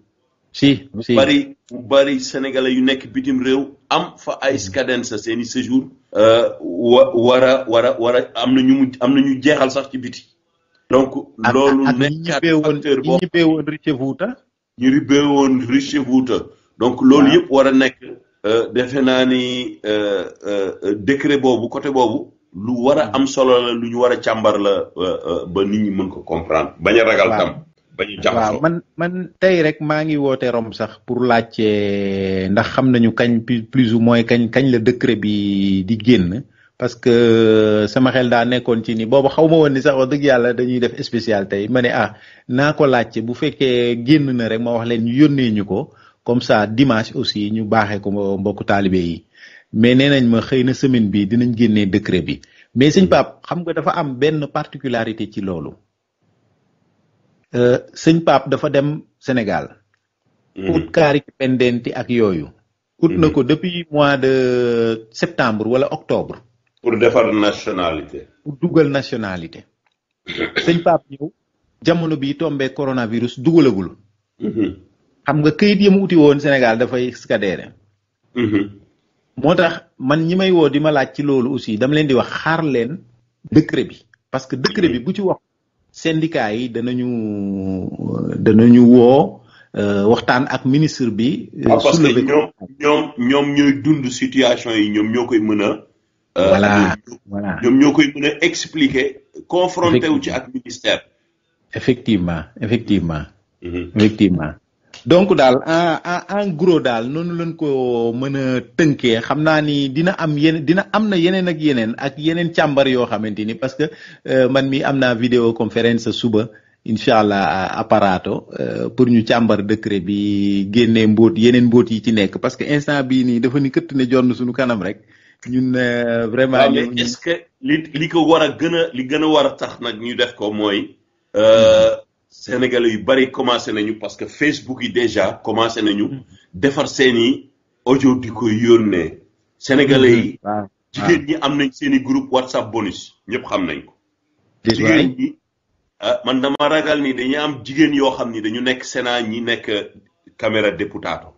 si si sénégalais yu nekk am fa ay séjour. Euh, am na ñu am na ñu sax ci donc ñu ribbee woon riche wuuta donc loolu yëpp war a nekk euh, defe naa ni euh, euh, décret boobu côté boobu lu war a am solo la lu ñu war a càmbar la ba nit ñi ko comprendre bañ a ragal tam bañu jàpp waaw man man tey rek maa ngi woote Rome sax pour laajte ndax xam nañu kañ plus ou moins kañ kañ la décret bi di génn parce que sama xel daa nekkoon ci ni boobu xaw ma woon ni sax wax dëgg yàlla dañuy def spécial tey ma ne ah naa ko laajte bu fekkee génn na rek ma wax leen ñu yónnee ñu ko comme ça dimanche aussi ñu baaxee ko mbokku taalibe yi mais nee nañ ma xëy na semaine bi dinañ génnee décret bi mais sëñ Pape xam nga dafa am benn particularité ci loolu euh, sëñ Pape dafa dem Sénégal mhm. ut kaari pendenti ak yooyu ut na mhm. ko depuis mois de septembre wala octobre pour defar nationalité. pour dugal nationalité. sëñ Pape ñëw jamono bii tombé coronavirus dugalagul. Mhm. xam nga këyit yi mu uti woon Sénégal dafay scadéré. Mhm. moo tax man ñi may woo di ma laaj ci loolu aussi dama leen di wax xaar leen décret bi parce que décret bi bu ci wax syndicat yi danañu ñu woo euh, waxtaan ak ministre bi. soulevé euh, parce que ñoom ñoom ñoom ñooy dund situation yi ñoom ñoo koy mën Euh, voilà voilà expliquer confronter wu ministère effectivement effectivement mhm. effectivement donc Dal, en en gros Dal nonu lañ ko ni dina am dina am na ak yenen ak parce que euh, man mi vidéo conférence suba apparato euh, pour ñu nous décret bi nous yenen nous yi parce que instant bi ni ne jonn suñu ñun euh, vraiment ñu est ce que li ko war a gën a li gën a war a tax nag ñu def ko mooy euh, sénégalais yu bari commencé nañu parce que facebook yi déjà commencé nañu mm-hmm. defar audio di ko yónnee sénégalais yi mm-hmm. jigéen ñi am nañ seeni groupe whatsapp bonus ñëpp xam nañ ko jigéen ñi euh, man dama ragal ni dañu am jigéen yoo xam ni dañu nekk sénat ñi nekk caméra députato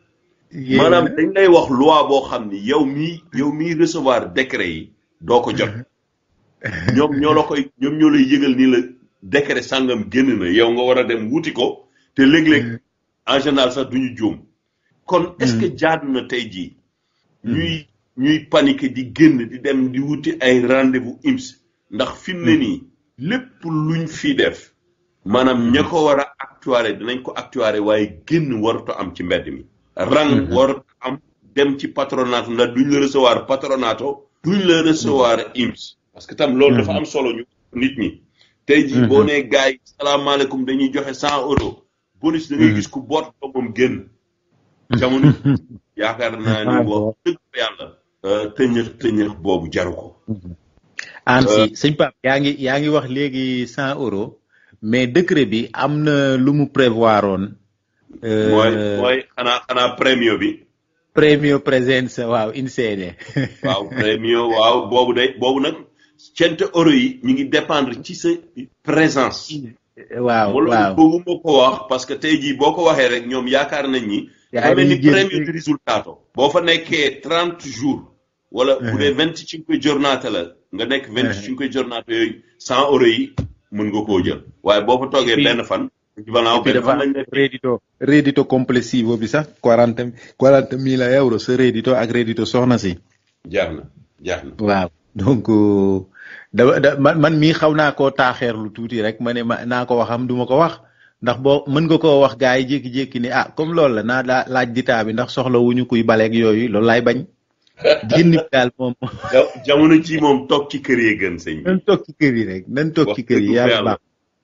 maanaam dañ lay wax loi boo xam ni yow mii yow mii recevoir décret yi doo ko jot mm-hmm. ñoom ñoo la koy ñoom ñoo lay yëgal nii la décret sàngam génn na yow nga war a dem wuti ko te léeg-léeg mm-hmm. en sax duñu juum kon est-ce que mm-hmm. jaadu na tey jii ñuy ñuy paniquer di génn di dem di wuti ay rendez-vous IMS ndax fi mu ne nii lépp luñ fi def maanaam ña ko war a actuaré dinañ ko actuaré waaye génn waruta am ci mbedd mi rang mhm. war am dem ci patronat ndax duñ la recevoir patronato duñ la recevoir mhm. IMS parce que tam loolu dafa mhm. am solo ñu nit ñi te jii boo nee gars yi salaamaaleykum dañuy joxe cent euros bonus da ngay ku boot doomam génn jamono yaakaar naa ni ah, boo dëgg fa yàlla euh, tëñëx boobu jaru ko am euh, si yaa ngi yaa ngi wax léegi cent euro mais décret bi am na lu mu prévoiroon Moj, moj, eh, ana, ana premio bi. Premio presença, wow, une Wow, wow, premio wow, boobu day boobu nag cent euro yi ñu ngi dépendre ci sa présence. waaw wow. boobu mo ko wax parce que tey jii boo ko rek ñoom yaakaar nañ ni. yaa ngi ni premio de risultato. boo fa nekkee trente jours. wala bu dee eh. vingt cinque giornate la nga nekk vingt cinque eh. giornate yooyu cent euro yi mën nga koo jël. waaye boo fa toogee benn fan. Vale reddito, reddito complessivo bi sax quarante quarante mille euro sa reddito ak reddito soxna si jar na waaw donc da, man, man mii xaw naa koo taaxeerlu tuuti rek ma ne ma naa ko waxam duma ko wax ndax boo mën nga koo wax gars yi jékki-jékki ni ah comme loolu la naa daa laaj ditaa bi ndax soxla wuñu kuy baleeg yooyu loolu laay bañ génn daal moom jamono ci moom toog ci kër yi gën sëñ nan toog ci kër yi rek nan toog ci kër yi yàlla baax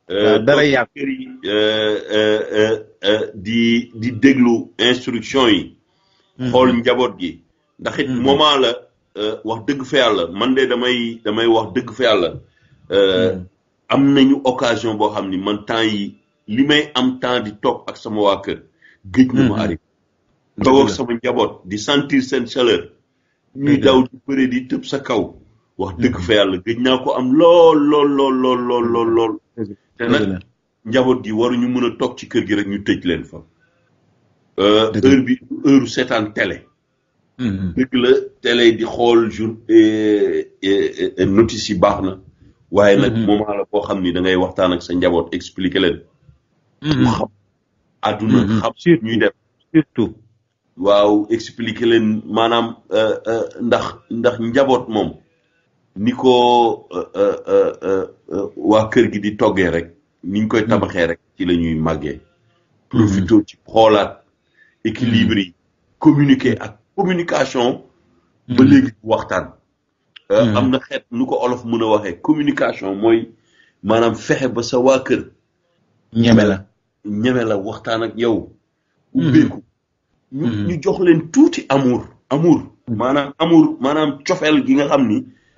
Euh, dara yàq kër euh, euh, di di déglu instruction yi hmm. xool njaboot gi ndax it hmm. moment la wax dëgg fa yàlla man de damay damay wax dëgg fa yàlla hmm. am nañu occasion boo xam ni man temps yi li may am temps di toog ak sama waa kër géej na ma ari toog ak sama njaboot di santir seen chaleur ñuy daw di bëre di tëb sa kaw wax dëgg fa yàlla géej naa ko am lool lool lool lool lool lool lool te nag njaboot gi waruñu mën a toog ci kër gi rek ñu tëj leen fa. Euh, heure bi heure seetaan télé. Mm-hmm. la télé di xool jour euh, euh, notice yi baax na. waaye nag mm-hmm. moment la boo xam ni da ngay waxtaan ak sa njaboot expliqué leen. Mm-hmm. mu xam àdduna xam ñuy surtout. waaw expliqué leen maanaam ndax ndax njaboot moom. ni ko euh, euh, euh, waa kër gi di toggee rek ni koy hmm. tabaxee rek ci la ñuy màggee profité hmm. ci xoolaat équilibre hmm. yi communiquer ak communication ba léegi waxtaan am na xeet nu ko olof mën a waxee communication mooy maanaam fexe ba sa waa kër ñeme la ñeme la waxtaan ak yow ubbeeku ñu ñu jox leen tuuti amour amour maanaam amour maanaam cofeel gi nga xam ni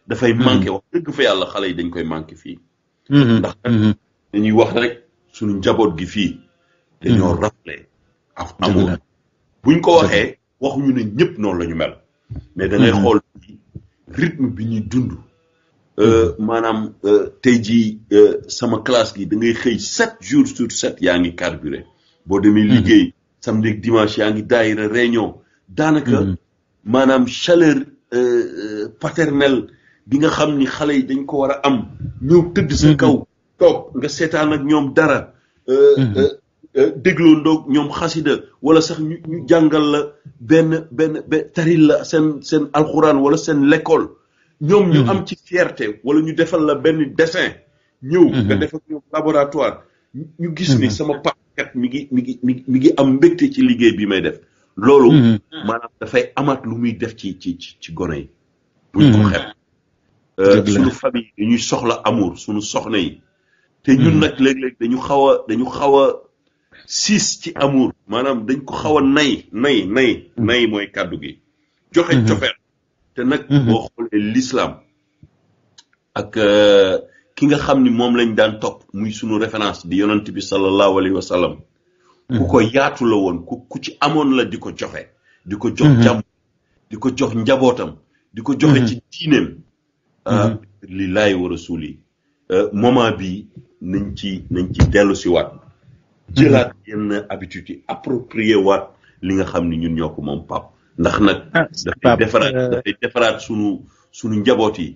dafay hmm. manqué wax dëgg fa yàlla xale yi dañ koy manqué fii. Hmm. ndax hmm. dañuy wax rek suñu njaboot gi fii. dañoo rafle ak amul buñ ko waxee waxuñu ne ñëpp noonu lañu ñu mel. mais da xool rythme bi ñuy dund. Euh, maanaam euh, tey jii euh, sama classe gi da xëy sept jours sur sept yaa ngi carburé. boo demi liggéey sam ak dimanche yaa ngi daayira réunion. daanaka maanaam chaleur paternelle. bi nga xam ni xale yi dañ ko war a am ñëw tëdd sa kaw toog nga seetaan ak ñoom dara dégloo ndoog ñoom xasida wala sax ñu ñu jàngal la benn benn benn taril la seen seen alxuraan wala seen l'école ñoom ñu am ci fierté wala ñu defal la benn dessin ñëw nga def ak ñoom laboratoire ñu gis ni sama pàkkat mi ngi mi ngi mi mi ngi am mbégte ci liggéey bi may def loolu maanaam dafay amaat lu muy def ci ci ci gone yi buñ ko xeeb Euh, suñu famille yi ñuy soxla amour suñu soxna yi te ñun hmm. nag léeg-léeg dañu xaw a dañu xaw a siis ci amour maanaam dañ ko xaw a nay nay nay hmm. nay mooy kàddu gi joxe hmm. cofeel te nag boo xoolee l'islam ak euh, ki nga xam ni moom lañ daan topp muy sunu référence di yonent bi sallallahu alayhi wa sallam ku ko yaatu la woon ku ku ci amoon la di ko joxe di ko jox jàmm di ko jox njabootam di ko joxe ci diineem li laay war a suul yi moment bi nañ ci nañ ci dellu si waat mhm. jëlaat yenn habitude yi approprié waat li nga xam ni ñun ñoo ko moom pap ndax nag ah, dafay defaraat euh, dafay defaraat sunu sunu njaboot yi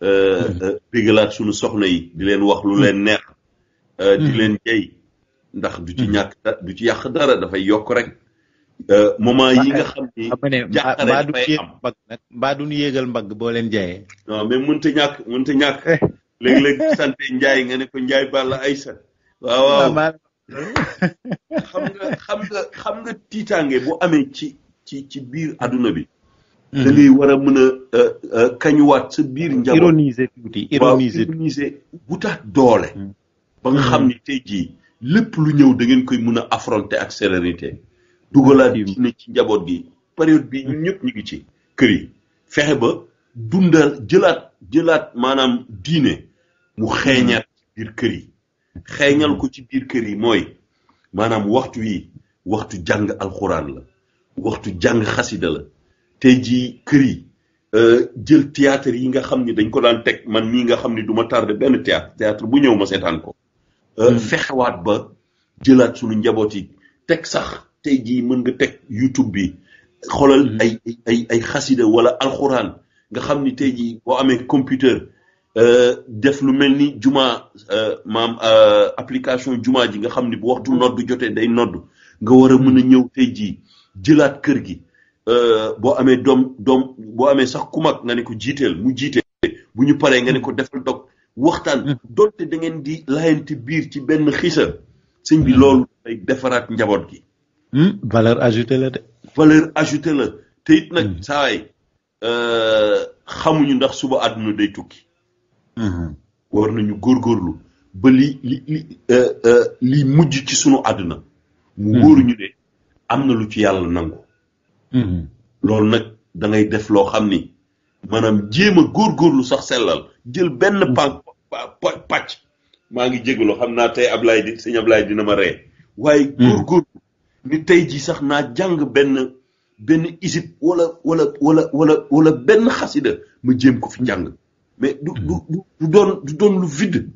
bégalaat euh, mhm. euh, sunu soxna yi di leen wax lu mhm. leen neex di leen jey ndax du ci ñàkk du ci yàq dara dafay yokk rek Euh, moment yi nga xam ni. jàkkaare dafay am mbaa du ñu yéegal mbagg boo leen jaayee. non mais mënut a ñàkk mënut a ñàkk eh. léeg-léeg sant Ndiaye nga ne ko Ndiaye bala Aïssa. waaw waaw xam nga xam nga xam nga tiitaange bu amee ci ci ci biir adduna bi. Mm-hmm. da ngay war a mën a euh, euh, kañuwaat sa biir. njaboot ironiser tuuti ironiser ironiser bu tax doole. Mm-hmm. ba nga xam ni mm-hmm. tey jii lépp lu ñëw da ngeen koy mën a affronter ak sérénité. dugalaat ci ci njaboot gi période bi ñun ñëpp ñu ngi ci kër yi fexe ba dundal jëlaat jëlaat maanaam diine mu xeeñaat ci biir kër yi xeeñal ko ci biir kër yi mooy maanaam waxtu yi waxtu jàng alxuraan la waxtu jàng xasida la te ji kër yi euh, jël théâtre yi nga xam ni dañ ko daan teg man mii nga xam ni du ma tardé benn théâtre théâtre bu ñëw ma seetaan ko euh, hmm. fexewaat ba jëlaat suñu njaboot yi teg sax tegi jii mën nga tek youtube bi xolal mm-hmm. ay ay ay xasida wala alquran nga xamni ni tey jii boo amee computer euh, def lu mel juma euh, maam euh, application juma ji nga xamni bu waxtu mm-hmm. noddu jotee day noddu nga wara mëna mën a mm-hmm. ñëw tey jii kër gi bo amé dom dom bo amé sax ku mag nga ni ko jiiteel mu jité bu ñu paré nga ni ko defal dog waxtaan donte da ngeen di laayante biir ci benn xisa sëñ bi loolu ay defaraat njaboot gi Hmm? valeur ajoutée la de. valeur la te it nag. Hmm. saa euh, xamuñu ndax suba àdduna day tukki. Hmm. war nañu góorgóorlu ba li li li euh, euh, liy mujj ci sunu àdduna. mu wóoruñu de am na lu ci yàlla nangu. loolu nag da def loo xam ni maanaam jéem a góorgóorlu sax sellal jël benn pan pàcc. maa ngi jégalu xam naa tey Ablaye di sëñ Ablaye dina ma ree waaye góorgóorlu. ni tay ji sax na jang ben ben isib wala wala wala wala wala ben xasida ma jëm ko fi jang mais du du du don du don lu vide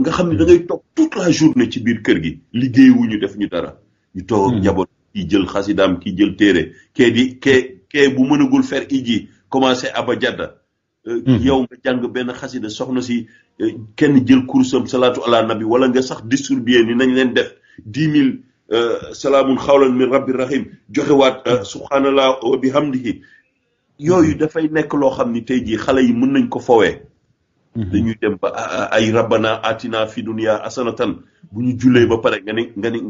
nga xamni da ngay tok toute la journée ci bir kër gi liggéey wu ñu def ñu dara ñu tok ak hmm. ki jël xasidaam ki jël téré ké di ké ké bu mënagul faire iji commencé aba jadda hmm. yow nga jang ben xasida soxna si eh, kenn jël kursam salatu ala nabi wala nga sax distribuer ni nañ leen def 10000 Euh, salaamun xawlan min rabbi rahim joxewaat euh, subhanallah wa bihamdihi yooyu mhm. dafay nekk loo xam ni tey jii xale yi mën nañ ko fowee mhm. dañuy dem ba ay rabbana atina fi dunia asanatan bu ñu jullee ba pare nga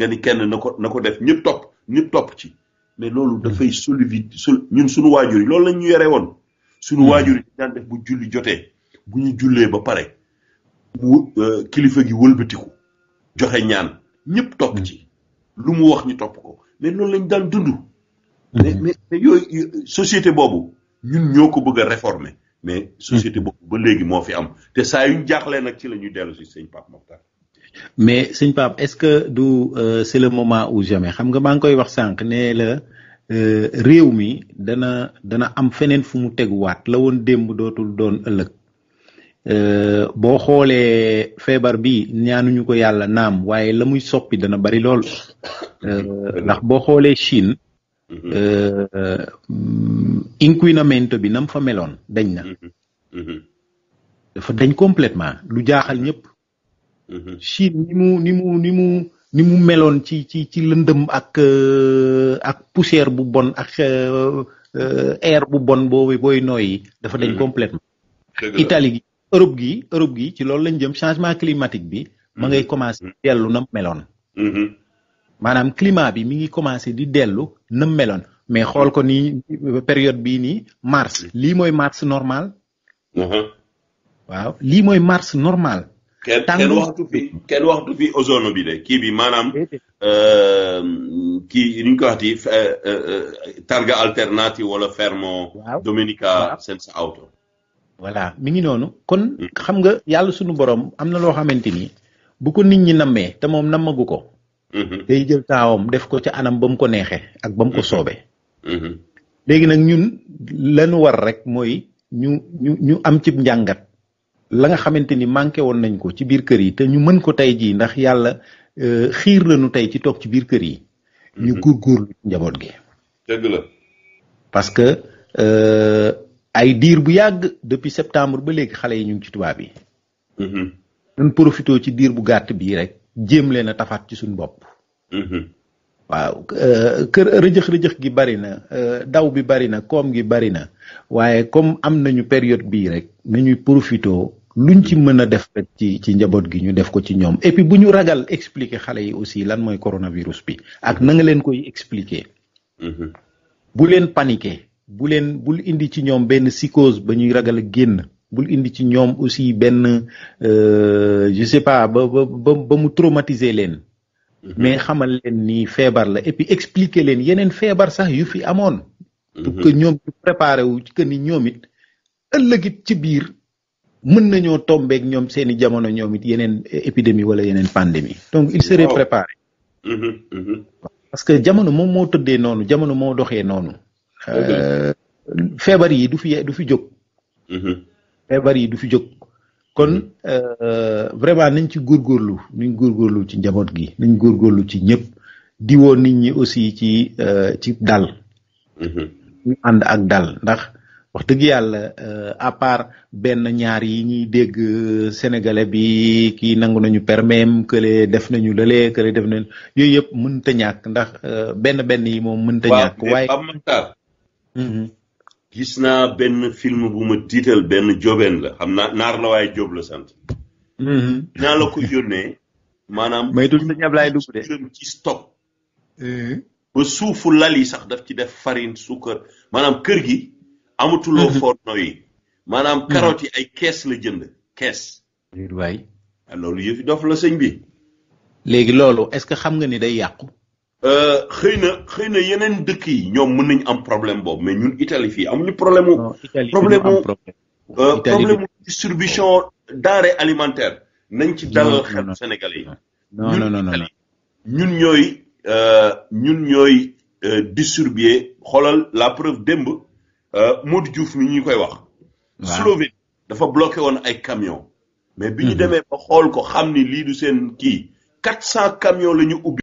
ni kenn na ko na ko def ñëpp topp ñëpp topp ci mais loolu mhm. dafay solivi sol ñun suñu waajur yi loolu lañ yore woon suñu waajur yi def bu julli jotee bu ñu jullee ba pare bu euh, kilifa gi wëlbatiku joxe ñaan ñëpp topp ci lu mu wax ñu topp ko mais loolu lañ daan dund. Mhm. mais société boobu ñun ñoo ko bëgg a réformer mais société mhm. boobu ba léegi moo fi am te saa yu ñu jaaxlee nag ci la ñuy dellu si sëñ Pape Mokhtar. mais sëñ Pape est-ce que du euh, c'est le moment ou jamais xam nga maa ngi koy wax sànq ne la euh, réew mi dana dana am feneen fu mu teguwaat la woon démb dootul doon ëllëg. Euh, boo xoolee feebar bi ñaanuñu ko yàlla naam waaye la muy soppi dana bari lool euh, ndax boo xoolee Chine mm-hmm. euh, inquinamento bi nam fa meloon dañ na mm-hmm. Mm-hmm. dafa dañ completement lu jaaxal ñëpp Chine ni mu ni mu ni mu meloon ci ci ci lëndëm ak ak poussière bu bon ak air bu bon boobu booy nooyi dafa dañ complètement Italie Europe gi Europe gi ci loolu lañ jëm changement climatique bi. ma ngay mhm. commencé dellu na meloon. Mhm. maanaam climat bi mi ngi commencé di dellu na meloon mais xool ko nii période bii nii mars. Mhm. lii mooy mars normal. waaw lii mooy mars normal. kenn waxtu fi kenn waxtu fi ozone bi de kii bi maanaam euh, kii nu ñu ko waxati euh, euh, targa alternati wala fermo dominica senza auto voilà mu ngi noonu kon xam nga yàlla suñu borom am na loo xamante ni bu ko nit ñi nammee te moom nammagu ko mhm. day jël taawam def ko ca anam ba mu ko neexee ak ba mu ko mhm. soobee mhm. léegi nag ñun lañu war rek mooy ñu ñu am cib njàngat la nga xamante ni manqué woon nañ ko ci biir kër yi te ñu mën ko tey jii ndax yàlla euh, xiir lañu tey ci toog ci biir kër yi ñu góorgóorlu njaboot gi dëgg ay dir bu yàgg depuis septembre ba léegi xalé yi ñu ci tuba bi hmm ñu profito ci dir bu gatt bi rek jëm leena tafat ci suñu hmm waaw keur rëjëx rëjëx gi bari na euh, daw bi bari na kom gi bari na waye comme am nañu période bi rek nañuy profito luñ ci mëna def rek ci ci njabot gi ñu def ko ci ñom et puis buñu ragal expliquer xalé yi aussi lan moy coronavirus bi ak na nga leen koy expliquer. Mm-hmm. bu leen paniquer. bu leen bul indi ci ñom ben psychose ba ñuy ragal a bul indi ci ñom aussi ben euh je sais pas ba ba ba mu traumatiser leen mhm. mais xamal len ni febar la et puis expliquer len yenen febar sax yu fi amone pour que mhm. ñom ñu préparé wu que ni ñoom it ëllëg ci biir mën tomber ak ñom seeni jamono ñoom it yeneen épidémie wala yenen pandémie donc il serait préparé mhm, parce que jamono moom mo tëddee nonu jamono mo doxé nonu Euh, feebar yi du fi du fi jóg. Mm-hmm. feebar yi du fi jóg. kon mm-hmm. euh, vraiment nañ ci góorgóorlu nañ góorgóorlu ci njaboot gi nañ góorgóorlu ci ñëpp di woo nit ñi aussi ci euh, ci dal. Mm-hmm. ànd ak dal ndax wax dëgg yàlla à part benn ñaar yi ñuy dégg sénégalais bi kii nangu nañu permeem kële def nañu lële kële def nañu yooyu yëpp mënta ñàkk ndax benn benn yi moom mënta ñàkk waaye Mm-hmm. gis naa benn film bu ma tiital benn jobeen la xam naa naar la waaye job la sant. Mm-hmm. naa la ko yónnee. maanaam maytul sëñ Ablaye dugg de ci stock. Eh. ba suufu lal yi sax daf ci def farine suukar maanaam kër gi. amatuloo mm-hmm. forno yi. maanaam carottes yi ay kees la jënd kees. waay. Ah, loolu yëfi dof la sëñ bi. léegi loolu est-ce que xam nga ni day yàqu. Euh, xëy na xëy na yeneen dëkk yi ñoom mën nañu am problème boobu mais ñun Italie fii amuñu problème problème mu euh, problème mu distribution denrée alimentaire. nañ ci dalal xel Sénégalais yi. non non non ñun ñooy euh, ñun ñooy distribuer xoolal la preuve démb Modou Diouf mi ñu koy wax. waaw Slovénie dafa bloqué woon ay camions. mais bi ñu mm-hmm. demee ba xool ko xam ni lii du seen kii 400 camions la ñu ubbi.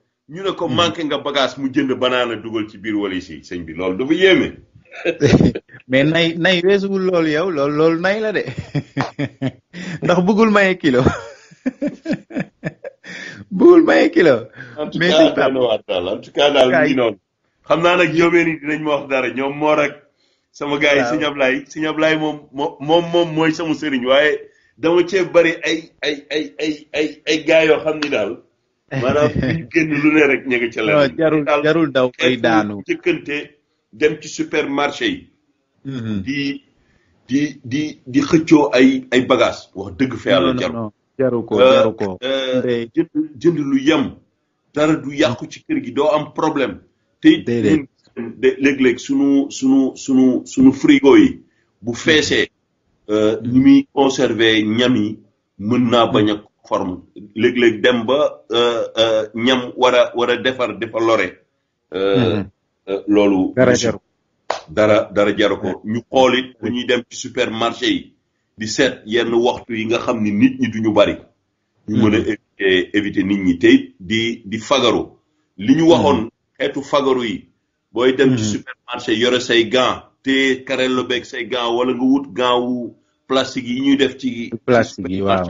ñu ne ko hmm. manqué nga bagage mu jënd a dugal ci biir walis yi sëñ bi loolu dafa yéeme. mais nay nay weesuwul loolu yow loolu loolu nay la de ndax bëggul maye kilo bëggul maye kilo. mais en tout cas daal en tout cas daal mi ngi noonu. xam naa nag yóobeen yi dinañ ma wax dara ñoom moo rek. sama gars yi sëñ Ablaye sëñ Ablaye moom moom moom mooy sama sëriñ waaye dama cee bari ay ay ay ay ay ay gars yoo xam ni daal. maanaam ñu lu ne rek ñu ngi ca leneen. jarul jarul daw ay daanu jëkkante dem ci supermarché yi. Mm-hmm. di di di di xëccoo ay ay bagages wax dëgg fa yàlla jaru jaru ko euh, jaru ko euh, jënd lu yem. dara du yàqu ci kër gi doo am problème. te it léeg-léeg sunu sunu sunu frigo yi bu mm-hmm. feesee. Euh, ni muy conserver ñam yi mën na bañ forme léeg dem ba euh, euh, ñam war a war a defar dafa lore. Euh, mm-hmm. loolu. dara jaru dara dara jaru ko ñu xool it bu ñuy dem ci supermarché yi di seet yenn waxtu yi nga xam ni nit ñi duñu bari. ñu mën a mm-hmm. éviter nit ñi te di di fagaru. li ñu waxoon mm-hmm. xeetu fagaru yi. booy dem ci supermarché yore say gants te karel lo beeg say gants wala nga wut gants wu plastique yi ñuy def ci. plastique yi waaw.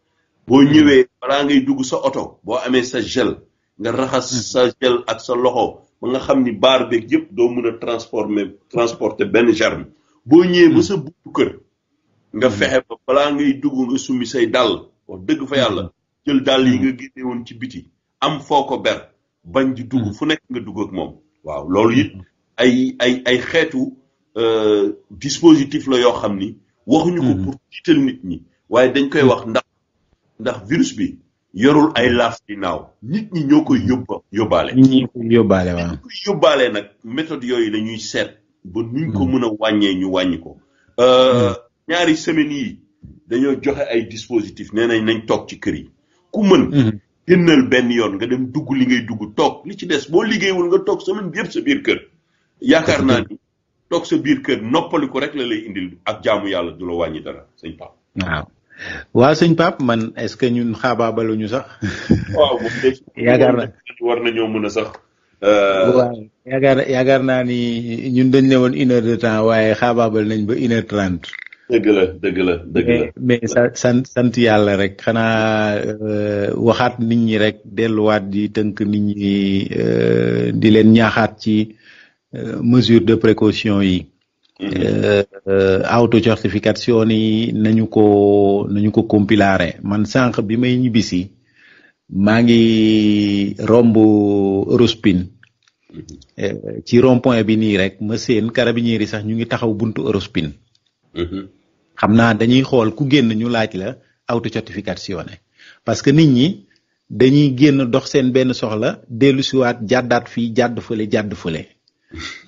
bo ñëwé bala ngay dugg sa auto bo amé sa gel nga raxas hmm. sa gel ak sa loxo ba nga xamni ni baar beeg yëpp doo transformer transporter ben germe bo ñëwee ba hmm. sa buntu kër nga hmm. fexé ba bala ngay dugg nga sumi say dal wax dëgg fa yalla jël dal yi nga gëné won ci biti am foko ber bañ di dugg fu nekk nga dugg ak mom waaw loolu it ay ay ay euh dispositif la yo xamni waxuñu ko pour tital nit ñi waye dañ koy wax ndax ndax virus bi yorul ay mm. laaf di naaw nit ñi ñoo koy yóbba yóbbaale. nit ñi koy yóbbaale waaw. koy yóbbaale nag méthode yooyu lañuy seet. ba ñu ko mm. mën a wàññee ñu wàññi ko. Euh, mm. ñaari semaines yi dañoo joxe ay dispositifs nee nañ nañ toog ci kër yi ku mën. génnal benn yoon nga dem dugg li ngay dugg toog li ci des boo liggéeyul nga toog semaine bi yëpp sa biir kër. yaakaar naa ni toog sa biir kër noppaliku rek la lay indil ak jaamu yàlla du la wàññi dara sëñ Pape. waa sëñ Pape man est-ce que ñun xaabaabaluñu sax. waaw moom yaakaar na war sax. Euh, waaw yaakaar naa ni ñun dañ le woon une heure de temps waaye xaabaabal nañ ba une heure trente. dëgg la dëgg la dëgg la mais sant sant yàlla rek xanaa euh, waxaat nit ñi rek delluwaat di tënk niñ ñi euh, di leen ñaaxaat ci mesure de précaution yi. Mm-hmm. Euh, autocertification yi nañu ko nañu ko compilare man sànq bi may ñibbisi maa ngi romb Eurospin mm-hmm. eh, ci rond bi nii rek ma seen carabinieri sax ñu ngi taxaw buntu Eurospin mm-hmm. xam naa dañuy xool ku génn ñu laaj la autocertification parce que nit ñi dañuy génn dox seen benn soxla dellu siwaat jàddaat fi jàdd fale jàdd fale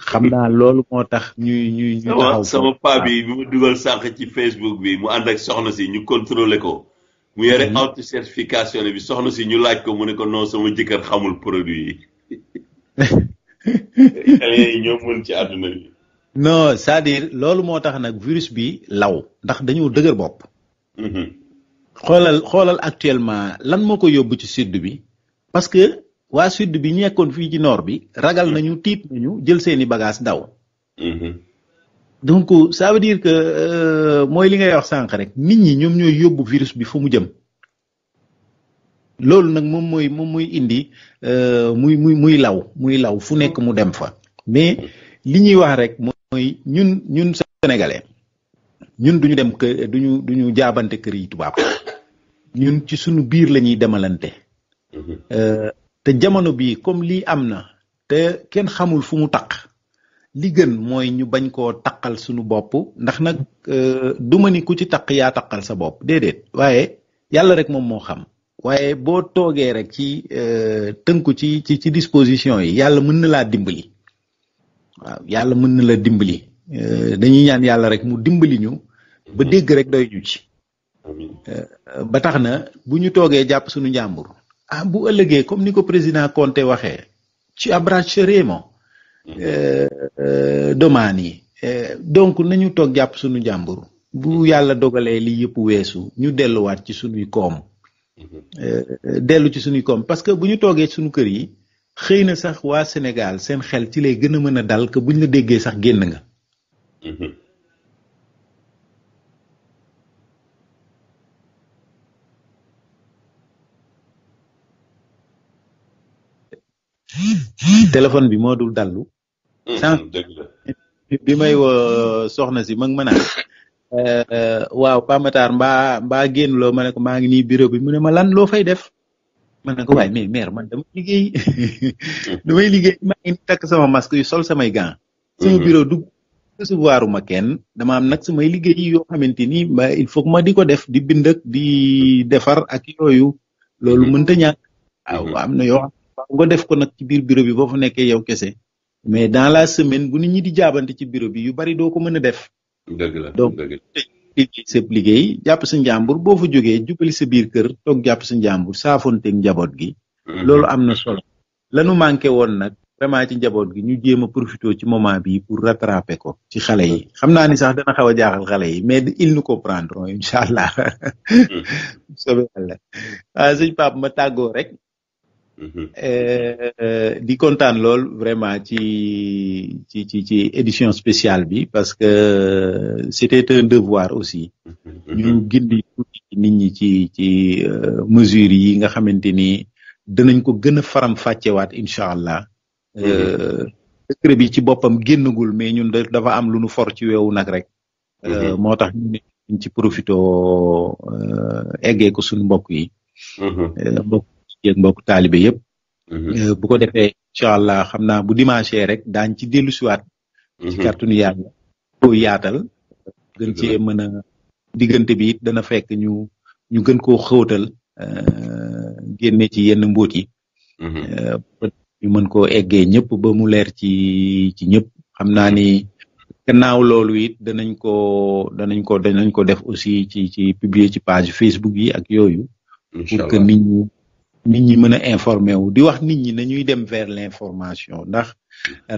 xam naa loolu moo tax ñuy ñuy ñu taxaw sama paa bi ah. bi mu dugal sànq ci Facebook bi mu ànd ak soxna si ñu contrôlé ko mu yore mm-hmm. auto certification bi soxna si ñu laaj ko mu ne ko non sama jëkkër xamul produit yi xale yi ñoo ci àdduna bi non loolu moo tax nag virus bi law ndax dañoo dëgër bopp mm-hmm. xoolal xoolal actuellement lan moo ko yóbbu ci sidd bi parce wa sud bi nekkoon fii ci nord bi ragal hmm. nañu tiit nañu jël seeni bagage daw hmm. donc ça veut dire que euh, mooy li ngay wax sànq rek nit ñi ñoom ñooy yóbbu virus bi fu mu jëm loolu nag moom mooy moom mooy indi euh, muy muy muy law muy law fu nekk mu dem fa mais hmm. li ñuy wax rek mooy ñun ñun sénégalais ñun duñu dem kë duñu duñu jaabante kër yi tubaab ñun ci suñu biir la ñuy demalante euh, te jamono bii comme lii am na te kenn xamul fu mu taq li gën mooy ñu bañ koo taqal suñu bopp ndax nag euh, du ma ni ku ci taq yaa taqal sa bopp déedéet waaye yàlla rek moom moo xam waaye boo toogee rek ci euh, tënku ci ci ci disposition yi yàlla mën na laa dimbali waaw yàlla mën na la dimbali euh, dañuy ñaan yàlla rek mu dimbali ñu ba dégg rek doy ñu ci ba tax na bu ñu toogee jàpp suñu njàmbur ah bu ëllëgee comme ni ko président Conte waxee ci abbracceremo hmm. euh, euh, domaine yi euh, donc nañu toog jàpp suñu jàmbur bu hmm. yàlla dogalee lii yëpp weesu ñu delluwaat ci suñuy koom hmm. dellu ci suñuy koom parce que bu ñu toogee suñu kër yi xëy na sax waa Sénégal seen xel ci lay gën a mën a dal bu buñ la déggee sax génn nga téléphone bi modul dalu hmm, hmm, bi may wo soxna si mag mana euh waaw pamatar mba mba génn lo mané ko lo ngi bureau bi mune ma lan lo fay def mané ko way mais mère man dama liggéey damay liggéey hmm. ma ngi tak sama masque yu sol sama gant sama bureau dugg recevoir ma kenn dama am nak sama liggéey yo xamanteni ma il faut ma di def di bind ak di defar ak yooyu loolu mënta ñàkk waaw amna yo waaw nga def ko nag ci biir bureau bi boo fa nekkee yow kese mais dans la semaine bu nit ñi di jaabante ci bureau bi yu bari doo ko mën a def. dëgg donc liggéey liggéey jàpp sa njàmbur boo fa jógee jubali sa biir kër toog jàpp sa njàmbur saafonteeg njaboot gi. Mhm. loolu am na solo. lanu manqué woon nag vraiment ci njaboot gi ñu jéem a profité ci moment bi pour rattraper ko ci xale yi mhm. xam naa ni sax dana xaw a jaaxal xale yi mais ils nous comprendront incha allah. Mhm. soobee yàlla waaw sëñ tàggoo rek. Euh, euh, di kontaan lool vraiment ci ci ci ci édition spéciale bi parce que c'était un devoir aussi. Mm-hmm. ñu gindi nit ñi ci ci euh, mesures yi nga xamante ni dinañ ko gën a faram fàccewaat incha allah. décret mm-hmm. bi ci boppam génnagul mais ñun dafa am lu nu for ci weewu nag rek. Mm-hmm. moo tax ñu ci profito eggee ko suñu mbokk yi. yéeg mbokk talibé yépp mhm. euh, bu ko défé inshallah xamna bu dimanche rek dañ ci ci wat ci mhm. carton yàlla ko yaatal gën ci mëna digënté bi dana fekk ñu ñu gën xewtal euh génné ci yenn mbot yi mhm. euh, ñu mën ko éggé ñëpp ba mu lér ci ci ñëpp xamna ni gannaaw loolu it danañ ko danañ ko danañ ko def aussi ci ci publier ci page Facebook yi ak yooyu pour que nit ñi nit ñi mëna a informé wu di wax nit ñi nañuy dem vers l'information ndax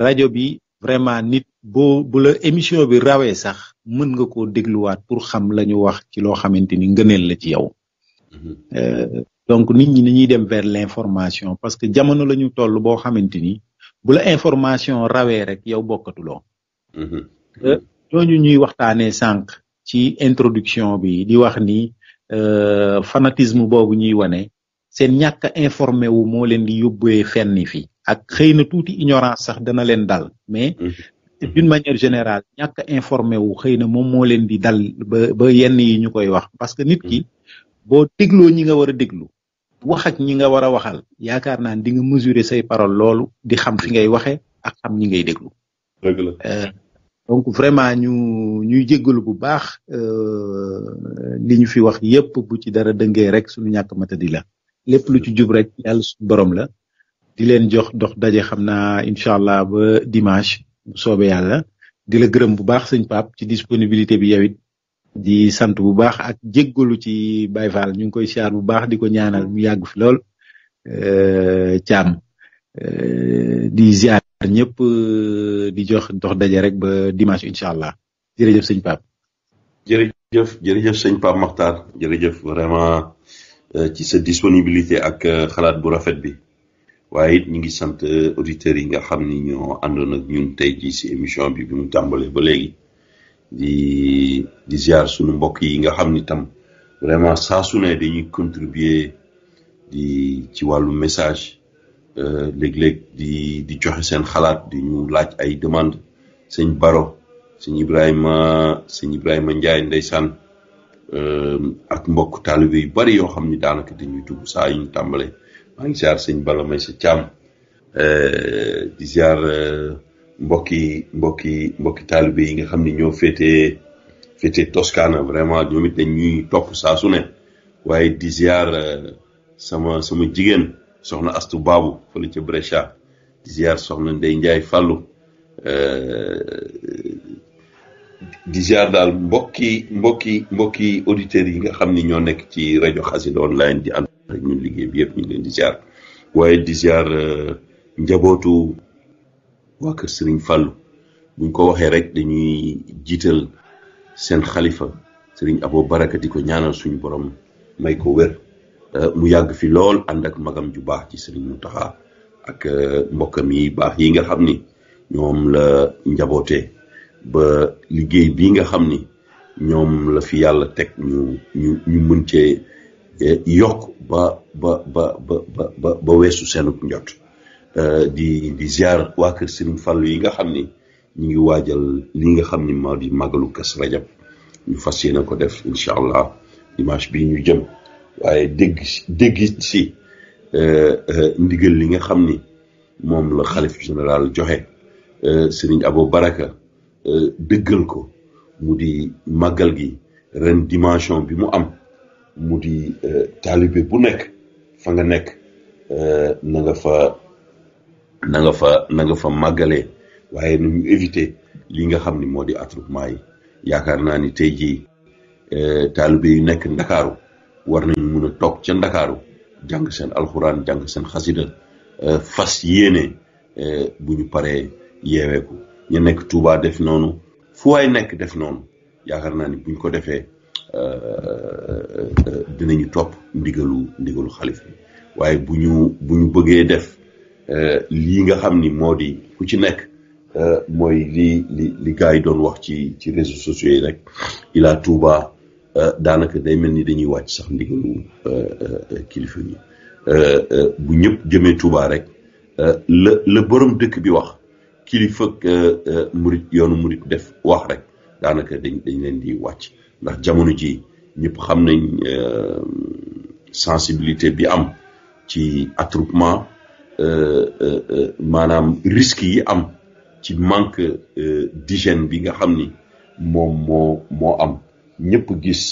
radio bi vraiment nit bo bu la émission bi rawé sax mën nga déglu waat pour xam lañu wax ci lo xamanteni ngeenel la ci yow mm-hmm. euh, donc nit ñi nañuy dem vers l'information parce que jamono lañu toll bo xamanteni ni bu la information rawé rek yow mm-hmm. euh ñooñu ñuy waxtané sank ci introduction bi di wax ni euh, fanatisme bobu ñuy wane seen ñàkk informé wu moo leen di yóbbee fenn fi ak xëy na tuuti ignorance sax dana leen dal mais mhm. d'une manière générale ñàkk informé wu xëy na moom moo leen di dal ba ba yenn yi ñu koy wax parce que nit ki mhm. boo dégloo ñi nga war a déglu wax ak ñi nga war a waxal yaakaar naa di nga mesurer say parole loolu di xam fi ngay waxe ak xam ñi ngay déglu euh, donc vraiment ñu ñuy jéggalu bu baax euh, li fi wax yépp bu ci dara dëngee rek suñu ñàkk di la lépp lu ci jub rek yàlla suñu borom la di leen jox dox daje xam naa incha allah ba dimanche bu soobee yàlla di la gërëm bu baax sëñ Pape ci disponibilité bi yow it di sant bu baax ak jéggalu ci Baye Fall ñu ngi koy siyaar bu baax di ko ñaanal mu yàgg fi lool caam euh, euh, di ziar ñëpp euh, di jox dox daje rek ba dimanche incha allah jërëjëf sëñ Pape. jërëjëf jërëjëf sëñ vraiment. Euh, ci sa disponibilité ak euh, xalaat bu rafet bi waaye it ñu ngi sant euh, auditeurs yi nga xam ni ñoo àndoon ak ñun tey jii si émission bi bi mu tàmbalee ba léegi di di ziar suñu mbokk yi nga xam ni tam vraiment saa su ne ñu contribuer di ci wàllu message léeg-léeg di di joxe seen xalaat di ñu laaj ay demande sëñ Baro sëñ Ibrahima sëñ Ibrahima Ndiaye ndeysaan Euh, ak mbokk taalibe yu bari yoo xam ni daanaka dañuy dugg saa yu ñu tàmbalee maa ngi ziar sëñ Bala may sa caam euh, di ziar euh, mbokki mbokki mbokki yi nga xam ni ñoo féetee féetee Toscana vraiment ñoom it dañuy topp saa su ne waaye di sama sama jigéen soxna Astu Baabu fële ca Brescia di ziar soxna Ndey Njaay Fàllu di ziar daal mbokki mbokki mbokki auditeurs yi nga xam ni ñoo nekk ci rajo Xassida online di ànd ak ñun liggéey bi yëpp ñu ngi leen di ziar waaye di ziar euh, njabootu waa kër Serigne Fallou ko waxee rek dañuy jiital seen xalifa Serigne Abo Baraka di ko ñaanal suñu borom may ko wér euh, mu yàgg fi lool ànd ak magam ju baax ci Serigne Mountakha ak euh, mbokkam yi baax yi nga xam ni ñoom la njabootee. ba liggéey bii nga xam ni ñoom la fi yàlla teg ñu ñu ñu mën cee eh, yokk ba ba ba ba ba ba weesu seenu njot eh, di di ziar waa kër Serigne Fallou yi nga xam ni ñu ngi waajal li nga xam ni moo di màggalu Kazu Rajab ñu fas yéene ko def incha allah dimanche bi ñu jëm waaye dégg dégg si eh, ndigal li nga xam ni moom la xalif général joxe Serigne Abo Baraka. Euh, dëggal ko mu di màggal gi ren dimension bi mu am mu di euh, taalibe bu nekk fa nga nekk euh, na fa nanga nga fa na waaye nu ñu éviter li nga xam ni moo di attroupement yi yaakaar naa ni tey jii taalibe yu nekk ndakaaru war nañu mun a toog ca ndakaaru jàng seen alxuraan jàng seen xasida fas yéene bu ñu paree yeeweeku ñu nekk Touba def noonu fu waay nekk def noonu yaakaar naa ni buñ ko defee euh, euh, dinañu topp ndigalu ndigalu xalifa waaye bu ñu bu ñu bëggee def euh, lii nga xam ni moo di ku ci nekk mooy li li li gars yi doon wax ci ci réseaux sociaux yi rek Ila Touba daanaka day mel ni dañuy wàcc sax ndigalu kilifa yi bu ñëpp jëmee Touba rek la la borom dëkk bi wax. kilifa euh, euh, murit yoonu murit def wax rek daanaka dañ dañ leen di wàcc ndax jamono ji ñëpp xam nañ euh, sensibilité bi am ci attroupement maanaam risques yi am ci manque d'hygiène bi nga xam ni moom moo moo am ñëpp gis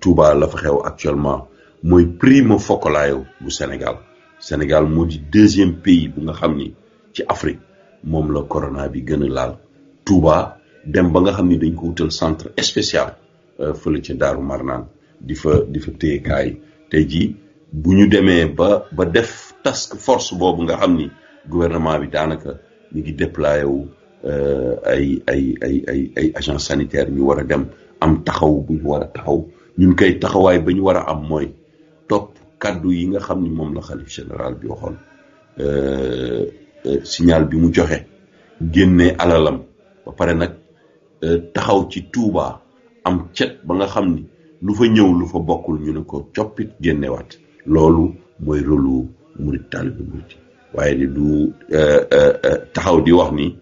Touba la xew actuellement mooy primo focolaayo bu Sénégal Sénégal moo deuxième pays bu nga xam ni ci Afrique moom la corona bi gën a laal Touba dem ba nga xam ni dañ ko wutal centre spécial euh, fële ca Daaru Marnaan di fa di fa téyekaay tey jii bu ñu demee ba ba def task force boobu nga xam ni gouvernement bi daanaka ñu ngi déployé wu euh, ay ay ay ay ay agents sanitaires ñu war a dem am taxaw bu ñu war taxaw ñun koy taxawaay ba ñu war a am mooy topp kàddu yi nga xam ni moom la xalif général bi waxoon. Euh, Euh, signal bi mu joxe génne alalam ba pare nag euh, taxaw ci tuubaa am cet ba nga xam ni lu fa ñëw lu fa bokkul ñu ne ko coppit génnewaat loolu mooy rôlu murit taalibe waaye ni du euh, taxaw di wax ni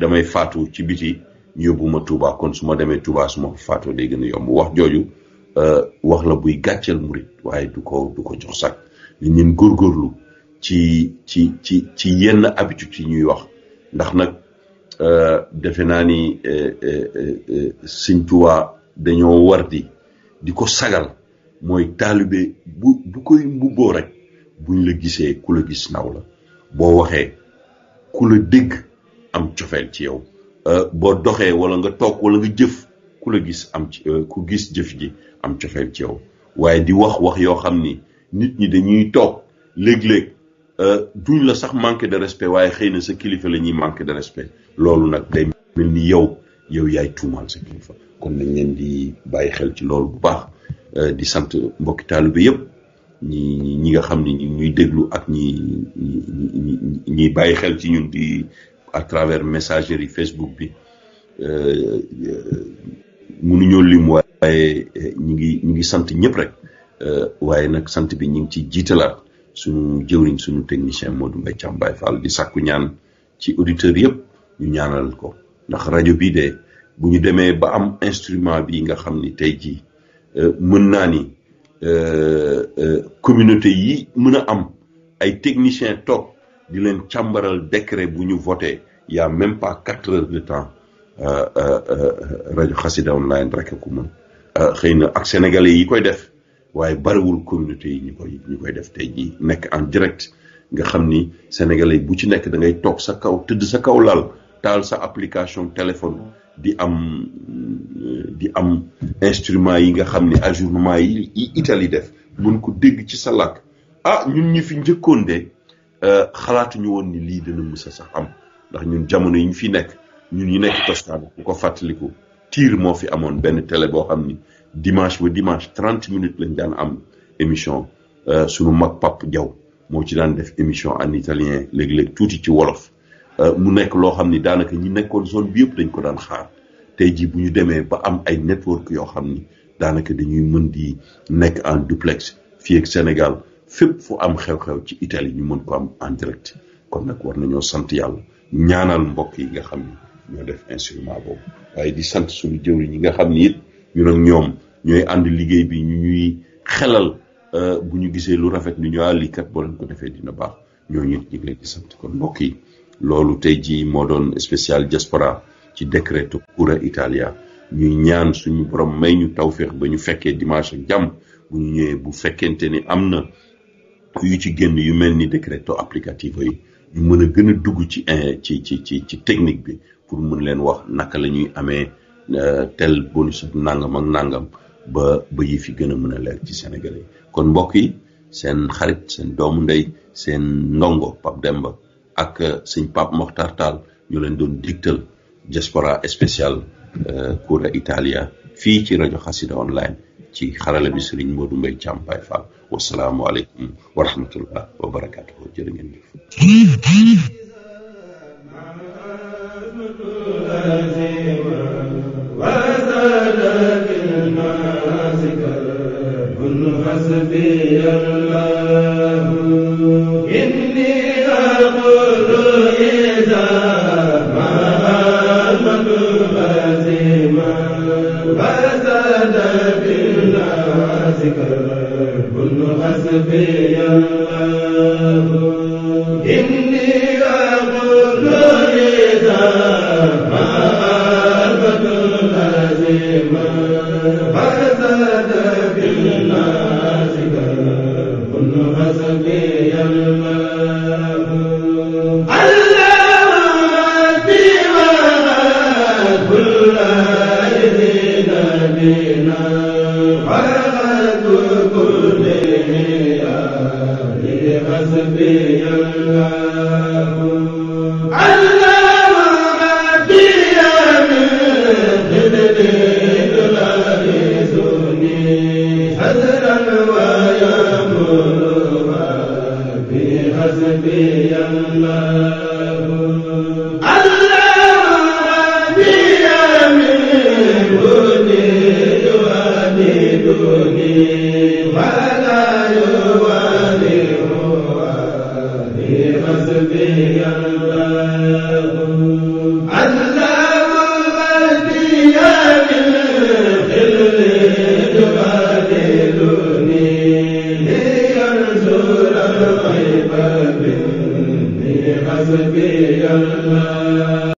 damay faatu ci biti ñu yóbbu ma kon su ma demee Touba su ma faatoo day gën a yomb wax jooju wax la buy gàcceel murit waaye du ko du ko jox sax ni ñun góorgóorlu ci ci ci ci yenn habitude yi ñuy wax ndax nag euh, defe naa ni euh, euh, Sëñ Tuubaa dañoo war di di ko sagal mooy taalibe bu bu koy mbubboo rek buñ la gisee ku la gis naw la boo waxee ku la dégg am cofeel ci yow boo doxee wala nga toog wala nga jëf ku la gis am ci ku gis jëf ji am cofeel ci yow waaye di wax wax yoo xam ni nit ñi dañuy toog léeg-léeg Euh, duñ la sax manque de respect waaye xëy na sa kilifa la ñuy manque de respect loolu nag day mel ni yow yow yaay tuumaal sa kilifa kon nañ leen di bàyyi xel ci loolu bu baax euh, di sant mbokki bi yëpp ñi ñi nga xam ne ñi ñuy déglu ak ñi ñi bàyyi xel ci ñun di à travers messagerie Facebook bi euh, mënuñoo lim waaye ñi ngi ñi ngi sant ñëpp rek waaye nag sant bi ñi ngi ci jiitalaat suñu jëwriñ suñu technicien Modou Mbaye Thiam Baye Fall di sàkku ñaan ci auditeurs yëpp ñu ñaanal ko ndax rajo bii de bu ñu demee ba am instrument bi nga xam ni tey jii euh, mën naa ni euh, euh, communauté yi mën a am ay technicien toog di leen càmbaral décret bu ñu voté y même pas quatre heures de temps rajo Xassida Online rek ku mun xëy na ak sénégalais yi koy def waaye bariwul communauté yi ñu koy ñu koy def tey jii nekk en direct nga xam ni sénégalais bu ci nekk da ngay toog sa kaw tëdd sa kaw lal taal sa application téléphone di am di am instrument yi nga xam ni ajournement yi Italie def mun ko dégg ci sa làkk ah ñun ñu fi njëkkoon de euh, xalaatuñu woon ni lii dana musa sax am ndax ñun jamono yi ñu fi nekk ñun ñu nekk Toscane ku ko fàttaliku tiir moo fi amoon benn télé boo xam ni dimanche ba dimanche trente minutes lañ daan am émission euh, sunu mag Pape Diaw moo ci daan def émission en italien léeg-léeg tuuti ci wolof euh, mu nekk loo xam ni daanaka ñi nekkoon zone bi yëpp dañ ko daan xaar tey jii bu ñu demee ba am ay network yoo xam ni daanaka dañuy mën di nekk en duplex fii ak Sénégal fépp fu am xew-xew ci Italie ñu mën ko am en direct kon nag war nañoo sant yàlla ñaanal mbokk yi nga xam ni ñoo def instrument boobu waaye di sant suñu jëwri ñi nga xam ni it ñu ñooy ànd liggéey bi ñu ñuy xelal euh, bu ñu gisee lu rafet ni ñoo lii kat ko defee dina baax ñoo it ñu ngi leen di sant kon mbokk yi loolu tey jii moo doon spécial diaspora ci décréto Cura Italia ñuy ñaan suñu borom may ñu tawféex ba ñu fekkee dimanche ak jàmm bu ñu ñëwee bu fekkente ni am na yu ci génn yu mel ni décréto applicativo yi ñu mën a gën a dugg ci eh, ci ci ci ci technique bi pour mën leen wax naka la ñuy amee euh, tel bonus ak nangam ak nangam. ba ba yi fi gën a mën a leer ci Sénégal kon mbokk yi seen xarit seen doomu ndey seen ndongo Pape demb ak euh, sëñ Pape Mokhtar Tall ñu leen doon digtal diaspora spécial euh, Cura Italia fii ci rajo Xassida online ci xarala bi sëriñ Modou Mbaye Thiam Baye Fall wasalaamualeykum wa wa barakatuhu jërë ngeen jëf